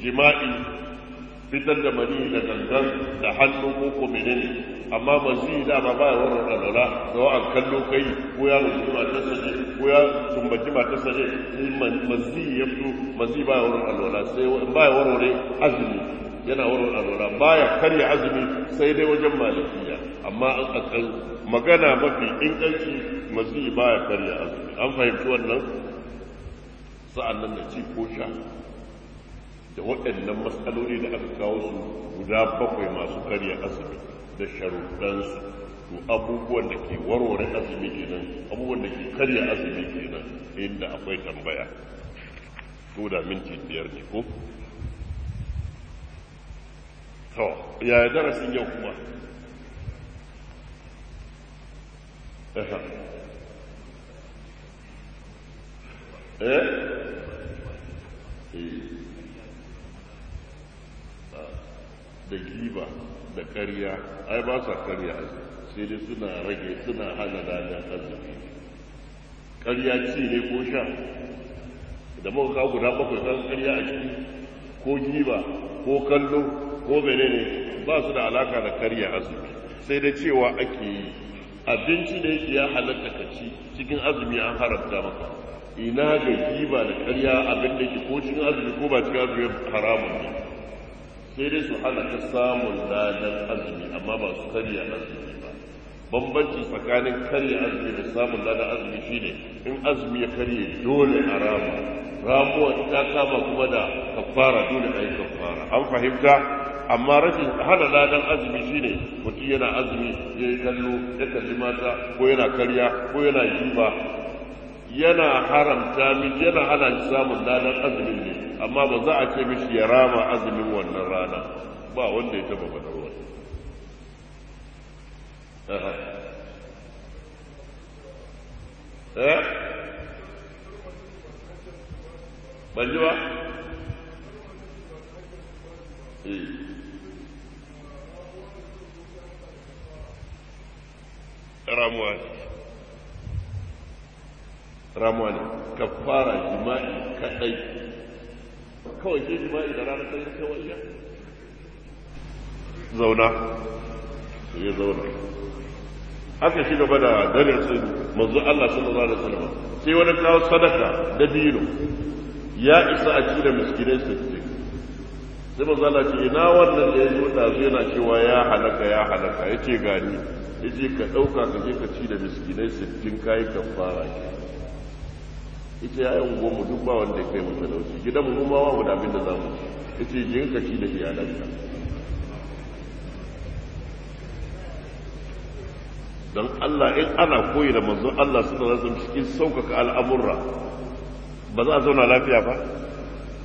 jima'i fitar da mani da gangan da hannu ko ko menene amma mazi da ba ba wannan alwala da wa an kallo kai ko ya rubuta matarsa ne ko ya tumbaci matarsa sai mazi ya fito mazi ba wannan alwala sai ba warware azumi yana warware alwala baya karya azumi sai dai wajen malikiya amma an magana mafi inganci ba baya karya azumi an fahimci wannan sa'an nan da ci ko sha da waɗannan matsaloli da aka kawo su guda bakwai masu karya azumi da sharuɗansu to abubuwan da ke warware azumi kenan abubuwan da ke karya azumi kenan inda akwai tambaya ko da minti biyar ne ko to ya darasin yau kuma eh, eh. Ah, da giba da karya ai ba sa karya sai dai suna rage suna hana dadan arziki karya ci ne ko sha da muka kawo guda bakwai kan karya a ciki ko giba ko kallo ko menene ba su da alaka da karya azumi sai da cewa ake yi abinci da yake ya halatta ka ci cikin azumi an haramta maka ina ga giba da karya abin da ke ko cin azumi ko ba cikin arziki haramun ne sai dai su hana ta samun ladan azumi amma ba su karya azumi ba bambanci tsakanin karya azumi da samun ladan azumi shine in azumi ya karye dole a rama ramuwa ta kama kuma da kafara dole a yi kafara an fahimta amma rashin hana ladan azumi shine mutum yana azumi ya yi kallo ya kalli mata ko yana karya ko yana jiba yana haramta min yana hana shi samun ladan azumin ne amma ba za a ce mishi ya rama azumin wannan rana ba wanda ya taba faɗar wannan eh ban ji eh. ramuwa ramuwa ka kafara jima'i kadai kawai shi jima'i da ranar sai kai wajen zauna ya zauna haka shi gaba da dalil sun mazu Allah sallallahu da wasallam sai wani kawo sadaka da dino ya isa a ci da su sittin sai mazu Allah ce ina wannan da ya zo da zai yana cewa ya halaka ya halaka ce gani yace ka ɗauka ka je ka ci da miskinai sittin kai kafara ke. ita yi mu duk ba wanda ya kai mu talauci gidan mu ma mu da abin da za mu ci ita yin ka da iyalanka don Allah in ana koyi da manzon Allah suna zasu cikin sauƙaƙa al'amurra ba za a zauna lafiya ba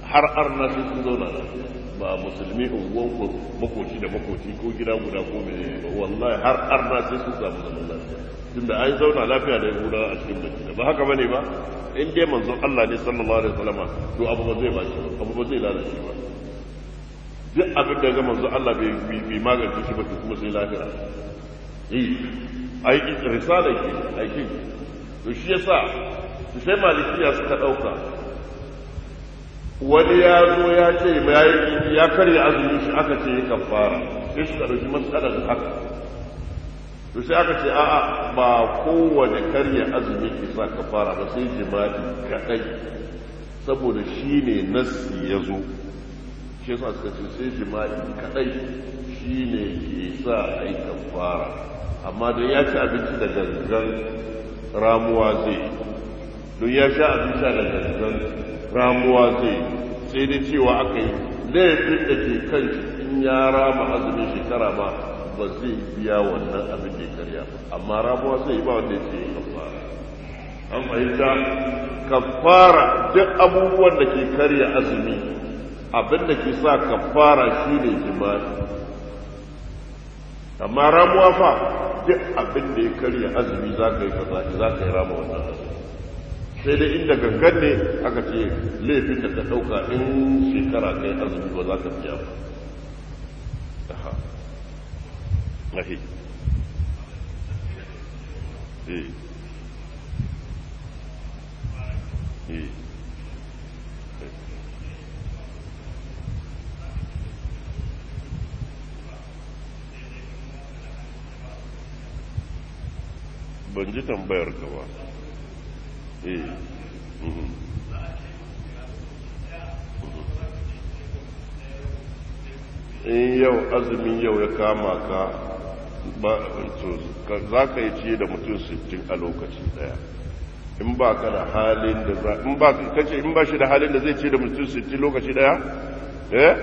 har arna sai sun zauna lafiya ba musulmi unguwan ku makoci da makoci ko gida guda ko mai ba wallahi har arna sai sun samu zaman lafiya tunda an zauna lafiya da yahudawa a cikin madina ba haka bane ba in dai manzon Allah ne sallallahu alaihi wasallam to abu ba zai bace ba abu ba zai lalace ba duk abin da ga manzon Allah bai bi magance shi ba to kuma sai lafiya eh aiki risala ke aiki to shi yasa sai malikiya suka dauka wani ya zo ya ce ya karya azumi shi aka ce ya kafara sai suka dauki masalar haka to sai aka ce a'a ba kowane karya azumi ke sa fara ba sai jima'i kadai saboda shi ne nassi ya zo shi yasa suka ce sai jima'i kadai shi ne ke sa a yi kafara amma don ya ci abinci da gangan ramuwa zai don ya sha abinci da gangan ramuwa zai sai dai cewa aka yi laifin da ke kan in ya rama azumin shekara ba ba zai biya wannan abin da ya karya ba amma rabuwa zai ba wanda ya ce kafara an fahimta kafara duk abubuwan da ke karya azumi abin da ke sa kafara shi ne jima'i amma ramuwa fa duk abin da ya karya azumi za ka yi kaza za ka yi rama wannan azumi sai dai inda gangan ne aka ce laifin da ka ɗauka in shekara kai azumi ba za ka biya ba Плохие. И. И. бандитом Бергова. И. Угу. Угу. in yau azumin yau ya kama ka za ka yi ciye da mutum sittin a lokaci daya in ba ka da halin da za in ba ka ce in ba shi da halin da zai ciye da mutum sittin lokaci daya eh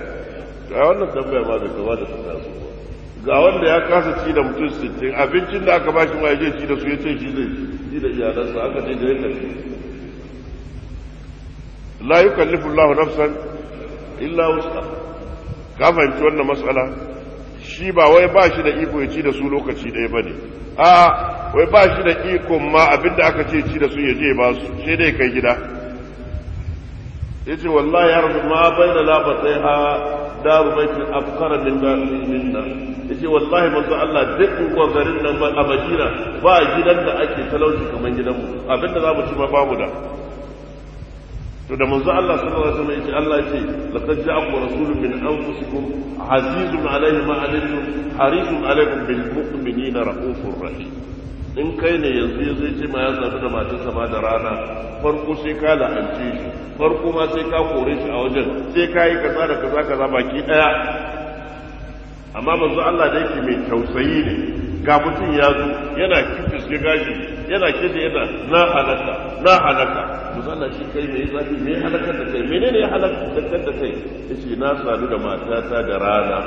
a wannan tambaya ma da gaba da ta taso ga wanda ya kasa ci da mutum sittin abincin da aka bashi ma yaje ci da su ya ce shi zai ci da iyalansa aka ce da yake la yukallifu Allahu nafsan illa wus'aha ka fahimci wannan matsala shi ba wai ba shi da iko ya ci da su lokaci ɗaya ba ne a wai ba shi da iko ma abin da aka ce ci da su ya je ba su sai dai kai gida yace ce wallahi ya rabu ma bai da sai ha daru baitin afkara min minna ya ce wallahi masu Allah duk ko garin nan a madina ba gidan da ake talauci kamar gidanmu abinda za mu ci ma babu da to da manzo Allah sallallahu alaihi wasallam yace Allah yace laqad ja'akum rasulun min anfusikum azizun alayhi ma alaykum harisun alaykum bil mu'minina raufur rahim in kai ne yanzu ya zai ce ma ya zafi da matan sama da rana farko sai ka la'ance shi farko ma sai ka kore shi a wajen sai ka yi kaza da kaza kaza baki ɗaya amma manzo Allah da yake mai tausayi ne ga mutum ya zo yana kifis ya gashi yana kida yana na halaka na halaka musalla shi kai mai zafi me halakar da kai ne ya halakar da kai ce na sadu da matata da rana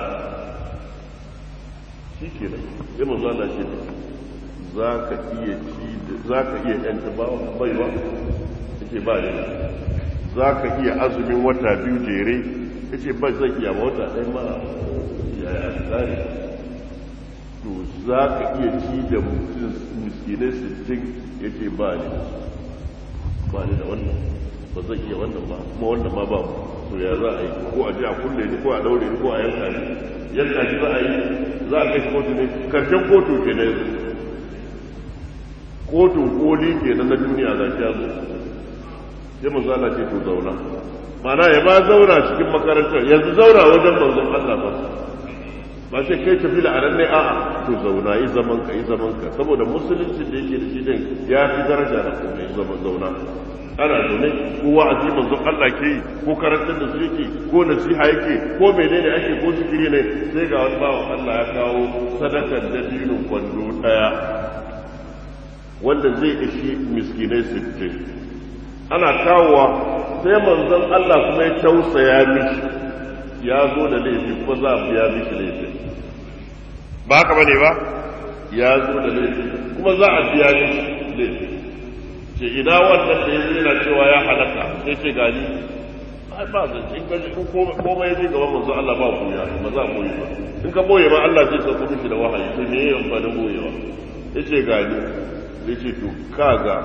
shi ke da ya manzo Allah shi da za ka iya ci za ka iya yanta ba baiwa ce ba ne za ka iya azumin wata biyu jere ce ba zai iya wata ɗaya ma yaya yi za ka iya ci da miskinai sittin ya ce ba ni da ba ne da wannan ba zai iya wannan ba kuma wannan ma ba mu to ya za a yi ko a ji a kulle ni ko a daure ni ko a yanka ni yanka shi za a yi za a kai kotu ne karshen kotu ke na yanzu kotun koli ke na duniya za ki zo sai maza Allah ce to zauna mana ya ba zaura cikin makarantar yanzu zaura wajen manzon Allah ba ba sai kai tafi da ne a'a to zauna yi zaman ka yi zaman ka saboda musulunci da yake da shi din ya fi daraja da kuma yi zaman zauna ana zaune ko wa'azi zan Allah ke yi ko karantar da su yake ko nasiha yake ko menene ake ko zikiri ne sai ga wani bawa Allah ya kawo sadakar da dinin kwando daya wanda zai ishi miskinai sittin ana kawowa sai manzon Allah kuma ya tausaya mishi ya zo da laifi kuma za a biya miki laifin ba ka bane ba ya zo da laifi kuma za a biya miki laifi ce ina wannan da ya zina cewa ya halaka sai ce gani ai ba zan in gaji komai zai gaba manzo Allah ba ku ya ba za boye ba in ka boye ba Allah zai sauko miki da wahayi to me yayin ba. Ya ce gani ce to ka ga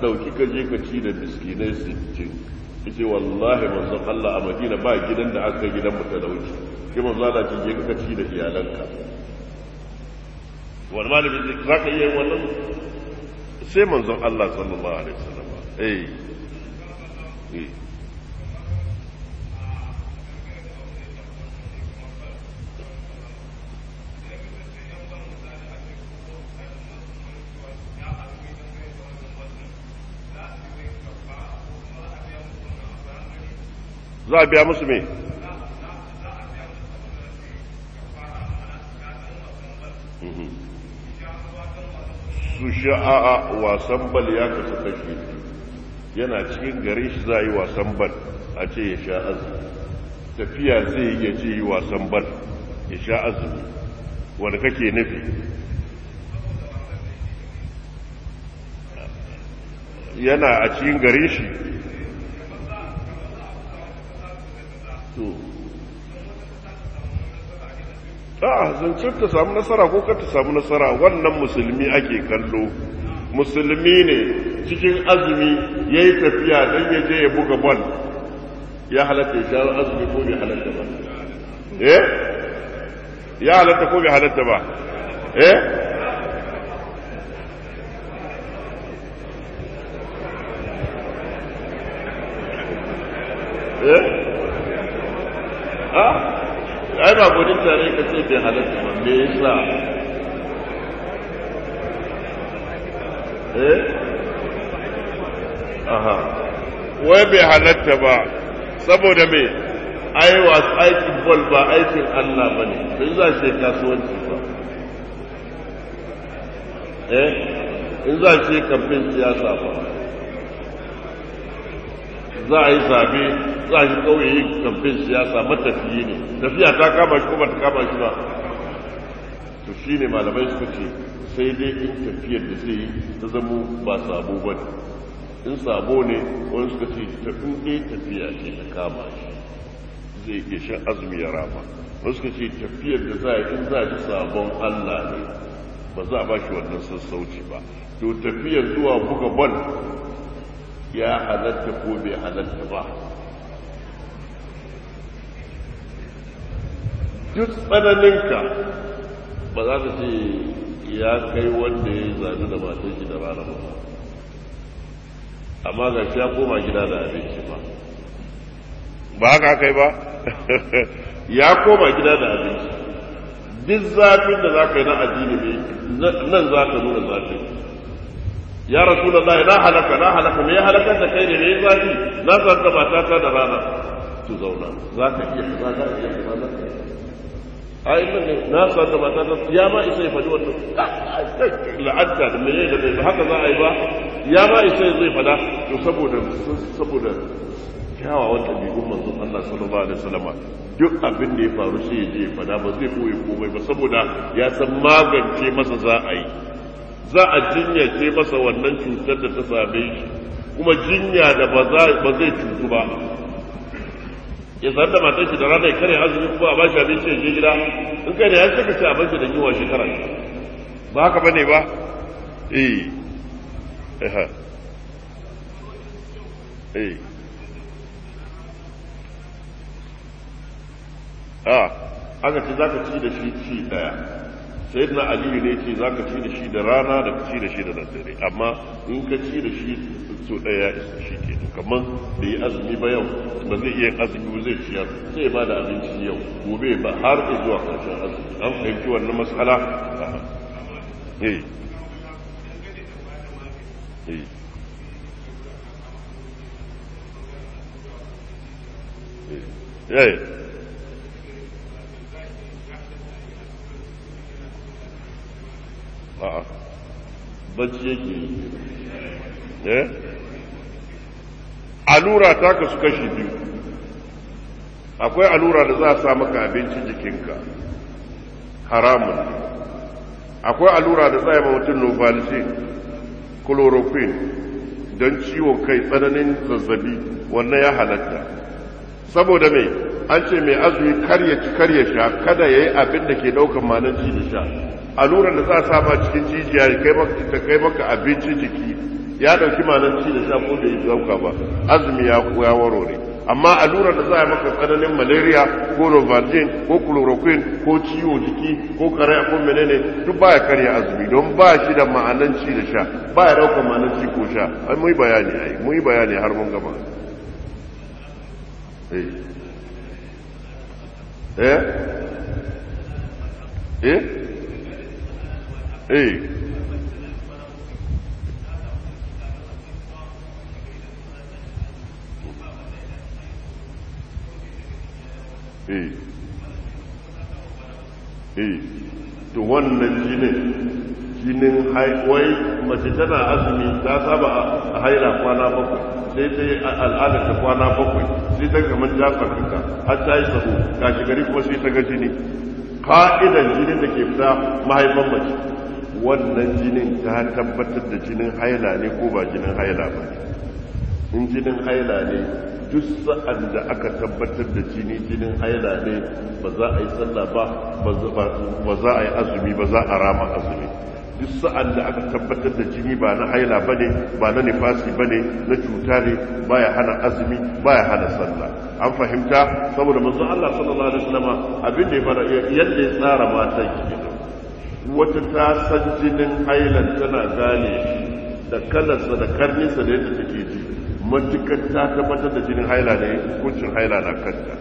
dauki ka je ka ci da miskinai sittin ce wallahi manzon Allah a Madina ba gidan da aka gidan mutalauci shi manzon Allah ce je ka ci da iyalanka wani malami za ka iya wannan sai manzon Allah sallallahu alaihi wasallam eh eh za a biya musu me mhm. su sha'a wasan bal ya kasa kashe yana cikin gare shi za a yi wasan bal a ce ya sha azumi tafiya zai yi ya ce yi wasan bal ya sha azumi wanda kake nufi yana a cikin gare shi to a zancen ta samu nasara ko kar ta samu nasara wannan musulmi ake kallo musulmi ne cikin azumi ya yi tafiya don ya je ya buga bal ya halatta ya shawar azumi ko bai halatta ba eh ya halatta ko bai halatta ba eh mutane ka ce bai halatta ba me yasa eh aha wai bai halatta ba saboda me ai wasu aikin bol ba aikin Allah ba ne za shi kasuwanci ba eh in za shi kamfin siyasa ba za a yi zabe za shi kawai yin kamfen siyasa matafiye ne tafiya ta kama shi kuma ta kama shi ba to shi ne malamai suka ce sai dai in tafiyar da zai yi ta zamo ba sabo ba ne in sabo ne wani suka ce ta ɗuɗe tafiya ce ta kama shi zai iya shan azumi ya rama wani suka ce tafiyar da za a yi in za a ji sabon allah ne ba za a ba shi wannan sassauci ba to tafiyar zuwa buga bal ya halatta ko bai halatta ba duk tsananinka ba za ta ce ya kai wanda ya zane da matan shi da rana ba amma ga shi ya koma gida da abinci ba ba haka kai ba ya koma gida da abinci duk zafin da za ka yi na addini ne nan za ka nuna zafin ya rasu da na halaka na halaka me ya halakar da kai ne ne zafi na zanta matata da rana tu zauna za ka iya za ka iya ai nan na sa da mata ta ya ma isa ya faɗi wannan la'adda da meye da ba haka za a yi ba ya ma isa zai faɗa to saboda saboda kyawawan ɗabi'un manzon Allah sallallahu alaihi wasallam duk abin da ya faru shi ya je ya faɗa ba zai koyi komai ba saboda ya san magance masa za a yi za a jinyace masa wannan cutar da ta same shi kuma jinya da ba zai cutu ba ya zar da matar shi da rana ya karya azumi kuma a bashi abinci ya je gida in kai da ya saka shi a bashi da yiwa shekara ba haka bane ba eh eh eh ah, a aka ce za ka ci da shi ci daya sai na aliyu ne ce za ka ci da shi da rana da ka ci da shi da daddare amma in ka ci da shi so ɗaya isa shi ke kamar da yi azumi ba yau ba zai iya azumi ba zai ciyar sai ba da abinci yau gobe ba har zuwa karshen azumi an fahimci wannan matsala eh, eh. eh. eh. a'a bacci yake eh allura ta su kashi biyu akwai allura da za a sa maka abincin jikinka haramun akwai allura da za a yi mutum novalsin chloroquine don ciwon kai tsananin zazzabi wannan ya halatta saboda mai an ce mai azumi karya ci karya sha kada ya yi abin da ke ɗaukan manan da sha Aluran da za a sama cikin jijiya ta kai maka abinci jiki ya ɗauki malanci da sha da ya zauka ba azumi ya ya warware amma aluran da za a maka tsananin malaria ko rovardin ko chloroquine ko ciwo jiki ko karaya ko menene duk baya karya azumi don ba shi da ma'ananci da sha baya ɗaukar ma'ananci ko sha ai mun bayani ai yi bayani har mun gama eh eh, eh? eh eh eh to wannan shi jini jinin wai mace tana azumi ta saba a haila kwana bakwai sai ta yi al'ada ta kwana bakwai sai ta kamar ta farfita har ta yi sabo ga gari kuma sai ta ga jini ka'idan jinin da ke fita mahaifan mace wannan jinin ta tabbatar da jinin haila ne ko ba jinin haila ba in jinin haila ne duk sa'an da aka tabbatar da jini jinin haila ne ba za a yi sallah ba ba za a yi azumi ba za a rama azumi duk sa'an da aka tabbatar da jini ba na haila ba ne ba na nifasi ba ne na cuta ne ba ya hana azumi ba ya hana sallah an fahimta saboda manzo Allah sallallahu alaihi wasallam abin da ya fara yadda ya tsara matan wata ta san jinin hailan tana gane da kalarsa da karninsa da yadda take ji matukar ta tabbatar da jinin haila ne hukuncin haila na kanta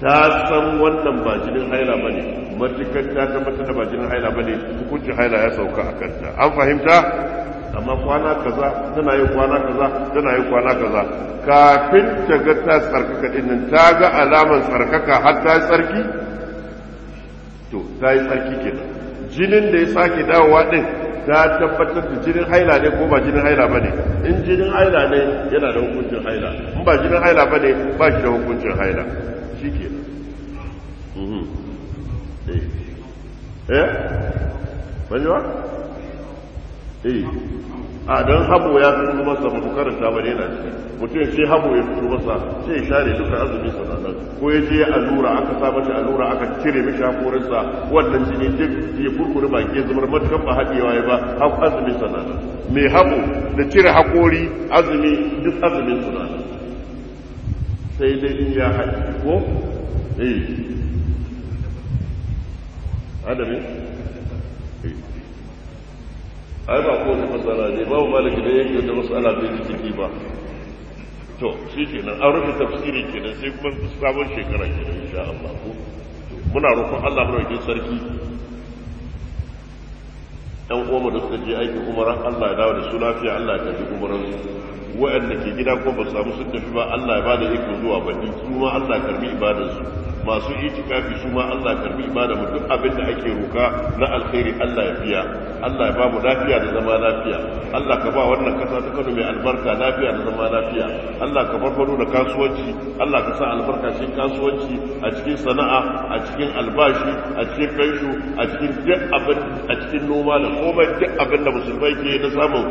ta san wannan ba jinin haila ba ne matukar ta tabbatar da ba jinin haila ba ne hukuncin haila ya sauka a kanta an fahimta amma kwana kaza tana yin kwana kaza tana yin kwana kaza kafin ta ga ta tsarkaka dinnan ta ga alamar tsarkaka har ta yi tsarki to ta yi tsarki kenan jinin da ya sake dawowa din ta tabbatar da jinin haila ne ko ba jinin haila ba ne in jinin haila ne yana da hukuncin haila in ba jinin haila ba ne ba shi da hukuncin haila shi ke mhm. eh? wani eh a don habu ya fito masa ba karanta ba yana ce mutum sai habu ya fito masa sai share duka azumi sanannan ko ya je allura aka sa mashi allura aka cire mishi sa wannan ne duk ya kurkure ke zubar matukan ba haɗewa ya ba haku azumi sanannan mai habu da cire hakori azumi duk azumin sanannan sai dai in ya haɗe ko eh adami ai ba ko ta matsala ne ba malaki da yake da matsala bai yake ciki ba to shi nan an rufe tafsiri kenan sai kuma sabon shekara ke nan insha Allah ko muna roƙon Allah mu roƙi sarki ɗan uwanmu da suka je aiki umara Allah ya dawo da su lafiya Allah ya tafi umaran su waɗanda ke gida ko ba samu sun tafi ba Allah ya bada iko zuwa ba din kuma Allah ya karbi ibadar su masu itikafi su ma Allah karbi ibada duk abin da ake roka na alkhairi Allah ya fiya Allah ya ba mu lafiya da zama lafiya Allah ka ba wannan kasa ta Kano mai albarka lafiya da zama lafiya Allah ka farfado da kasuwanci Allah ka sa albarka cikin kasuwanci a cikin sana'a a cikin albashi a cikin fansho a cikin duk abin a cikin noma da komai duk abin da musulmai ke na samun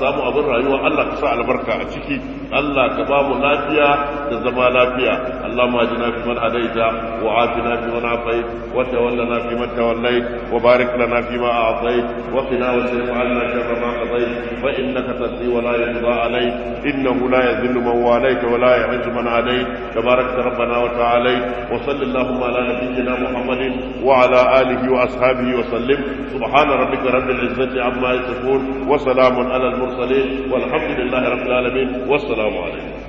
samu abin rayuwa Allah ka sa albarka a ciki Allah ka ba mu lafiya da zama lafiya Allah ma na fi man adaita هديت وعافنا فيمن عافيت وتولنا فيمن توليت وبارك لنا فيما أعطيت وقنا واصرف عنا شر ما قضيت فإنك تقضي ولا يقضى عليك إنه لا يذل من واليت ولا يعز من عليك تبارك ربنا وتعالى وصل اللهم على نبينا محمد وعلى آله وأصحابه وسلم سبحان ربك رب العزة عما يصفون وسلام على المرسلين والحمد لله رب العالمين والسلام عليكم